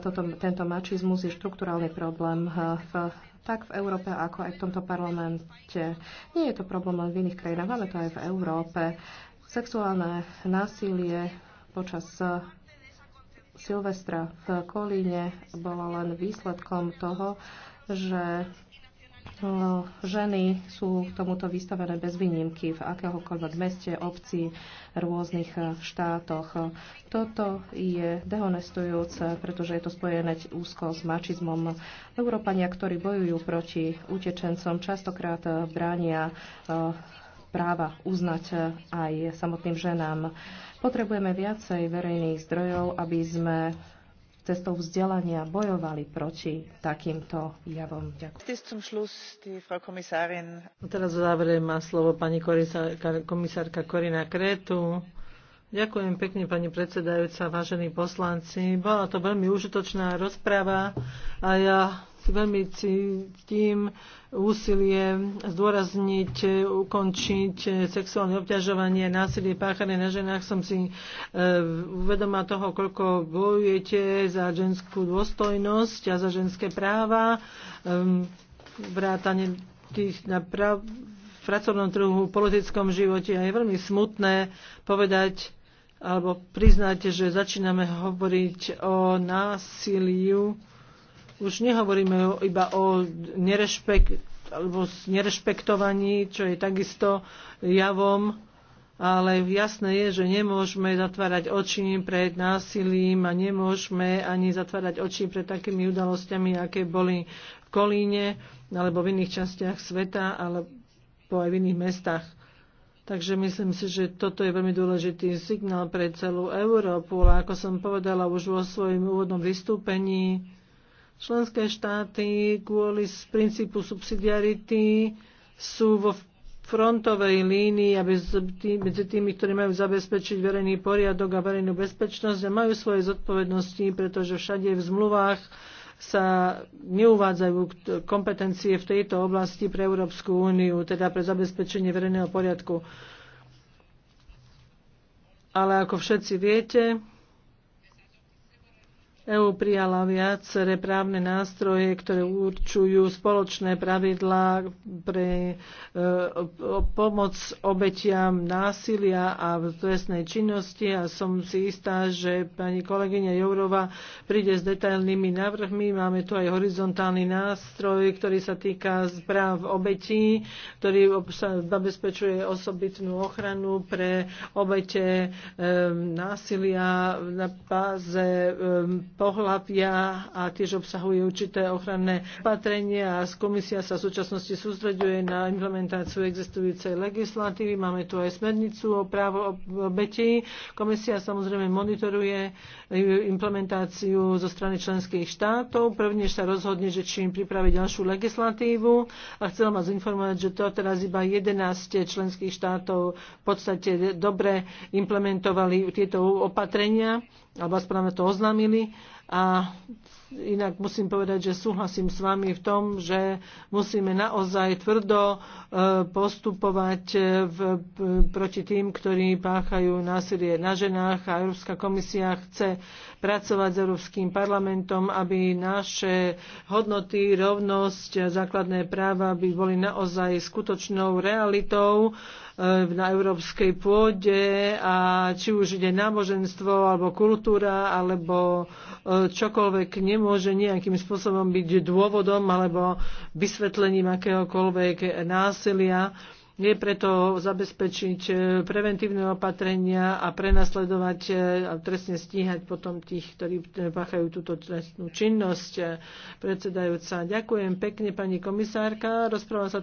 toto, tento mačizmus je štruktúrálny problém eh, v tak v Európe, ako aj v tomto parlamente. Nie je to problém len v iných krajinách, máme to aj v Európe. Sexuálne násilie počas Silvestra v Kolíne bolo len výsledkom toho, že Ženy sú tomuto vystavené bez výnimky v akéhokoľvek meste, obci, rôznych štátoch. Toto je dehonestujúce, pretože je to spojené úzko s mačizmom. Európania, ktorí bojujú proti utečencom, častokrát bránia e, práva uznať aj samotným ženám. Potrebujeme viacej verejných zdrojov, aby sme cestou vzdelania bojovali proti takýmto javom. Ďakujem. Teraz v závere má slovo pani komisárka Korina Kretu. Ďakujem pekne, pani predsedajúca, vážení poslanci. Bola to veľmi užitočná rozpráva a ja veľmi cítim úsilie zdôrazniť, ukončiť sexuálne obťažovanie, násilie páchané na ženách. Som si uvedomá e, toho, koľko bojujete za ženskú dôstojnosť a za ženské práva, ehm, vrátanie tých na prav, pracovnom trhu, politickom živote. A je veľmi smutné povedať, alebo priznáte, že začíname hovoriť o násiliu už nehovoríme iba o nerešpekt, alebo nerešpektovaní, čo je takisto javom, ale jasné je, že nemôžeme zatvárať oči pred násilím a nemôžeme ani zatvárať oči pred takými udalosťami, aké boli v Kolíne alebo v iných častiach sveta alebo aj v iných mestách. Takže myslím si, že toto je veľmi dôležitý signál pre celú Európu, ale ako som povedala už vo svojom úvodnom vystúpení, Členské štáty kvôli princípu subsidiarity sú vo frontovej línii aby medzi tými, ktorí majú zabezpečiť verejný poriadok a verejnú bezpečnosť a majú svoje zodpovednosti, pretože všade v zmluvách sa neuvádzajú kompetencie v tejto oblasti pre Európsku úniu, teda pre zabezpečenie verejného poriadku. Ale ako všetci viete, EÚ prijala viaceré právne nástroje, ktoré určujú spoločné pravidlá pre e, pomoc obetiam násilia a trestnej činnosti a som si istá, že pani kolegyňa Jourova príde s detailnými návrhmi. Máme tu aj horizontálny nástroj, ktorý sa týka práv obetí, ktorý zabezpečuje osobitnú ochranu pre obete e, násilia na báze e, pohľavia a tiež obsahuje určité ochranné patrenia a komisia sa v súčasnosti sústreduje na implementáciu existujúcej legislatívy. Máme tu aj smernicu o právo obetí. Komisia samozrejme monitoruje implementáciu zo strany členských štátov. Prvne sa rozhodne, že či im pripraviť ďalšiu legislatívu a chcela ma zinformovať, že to teraz iba 11 členských štátov v podstate dobre implementovali tieto opatrenia alebo aspoň nám to oznámili. A inak musím povedať, že súhlasím s vami v tom, že musíme naozaj tvrdo e, postupovať e, v, proti tým, ktorí páchajú násilie na ženách a Európska komisia chce pracovať s Európskym parlamentom, aby naše hodnoty, rovnosť, základné práva by boli naozaj skutočnou realitou Eh, na európskej pôde a či už ide náboženstvo alebo kultúra alebo eh, čokoľvek nemôže nejakým spôsobom byť dôvodom alebo vysvetlením akéhokoľvek násilia. Je preto zabezpečiť eh, preventívne opatrenia a prenasledovať a trestne stíhať potom tých, ktorí páchajú túto trestnú činnosť. Predsedajúca, ďakujem pekne, pani komisárka. Rozpráva sa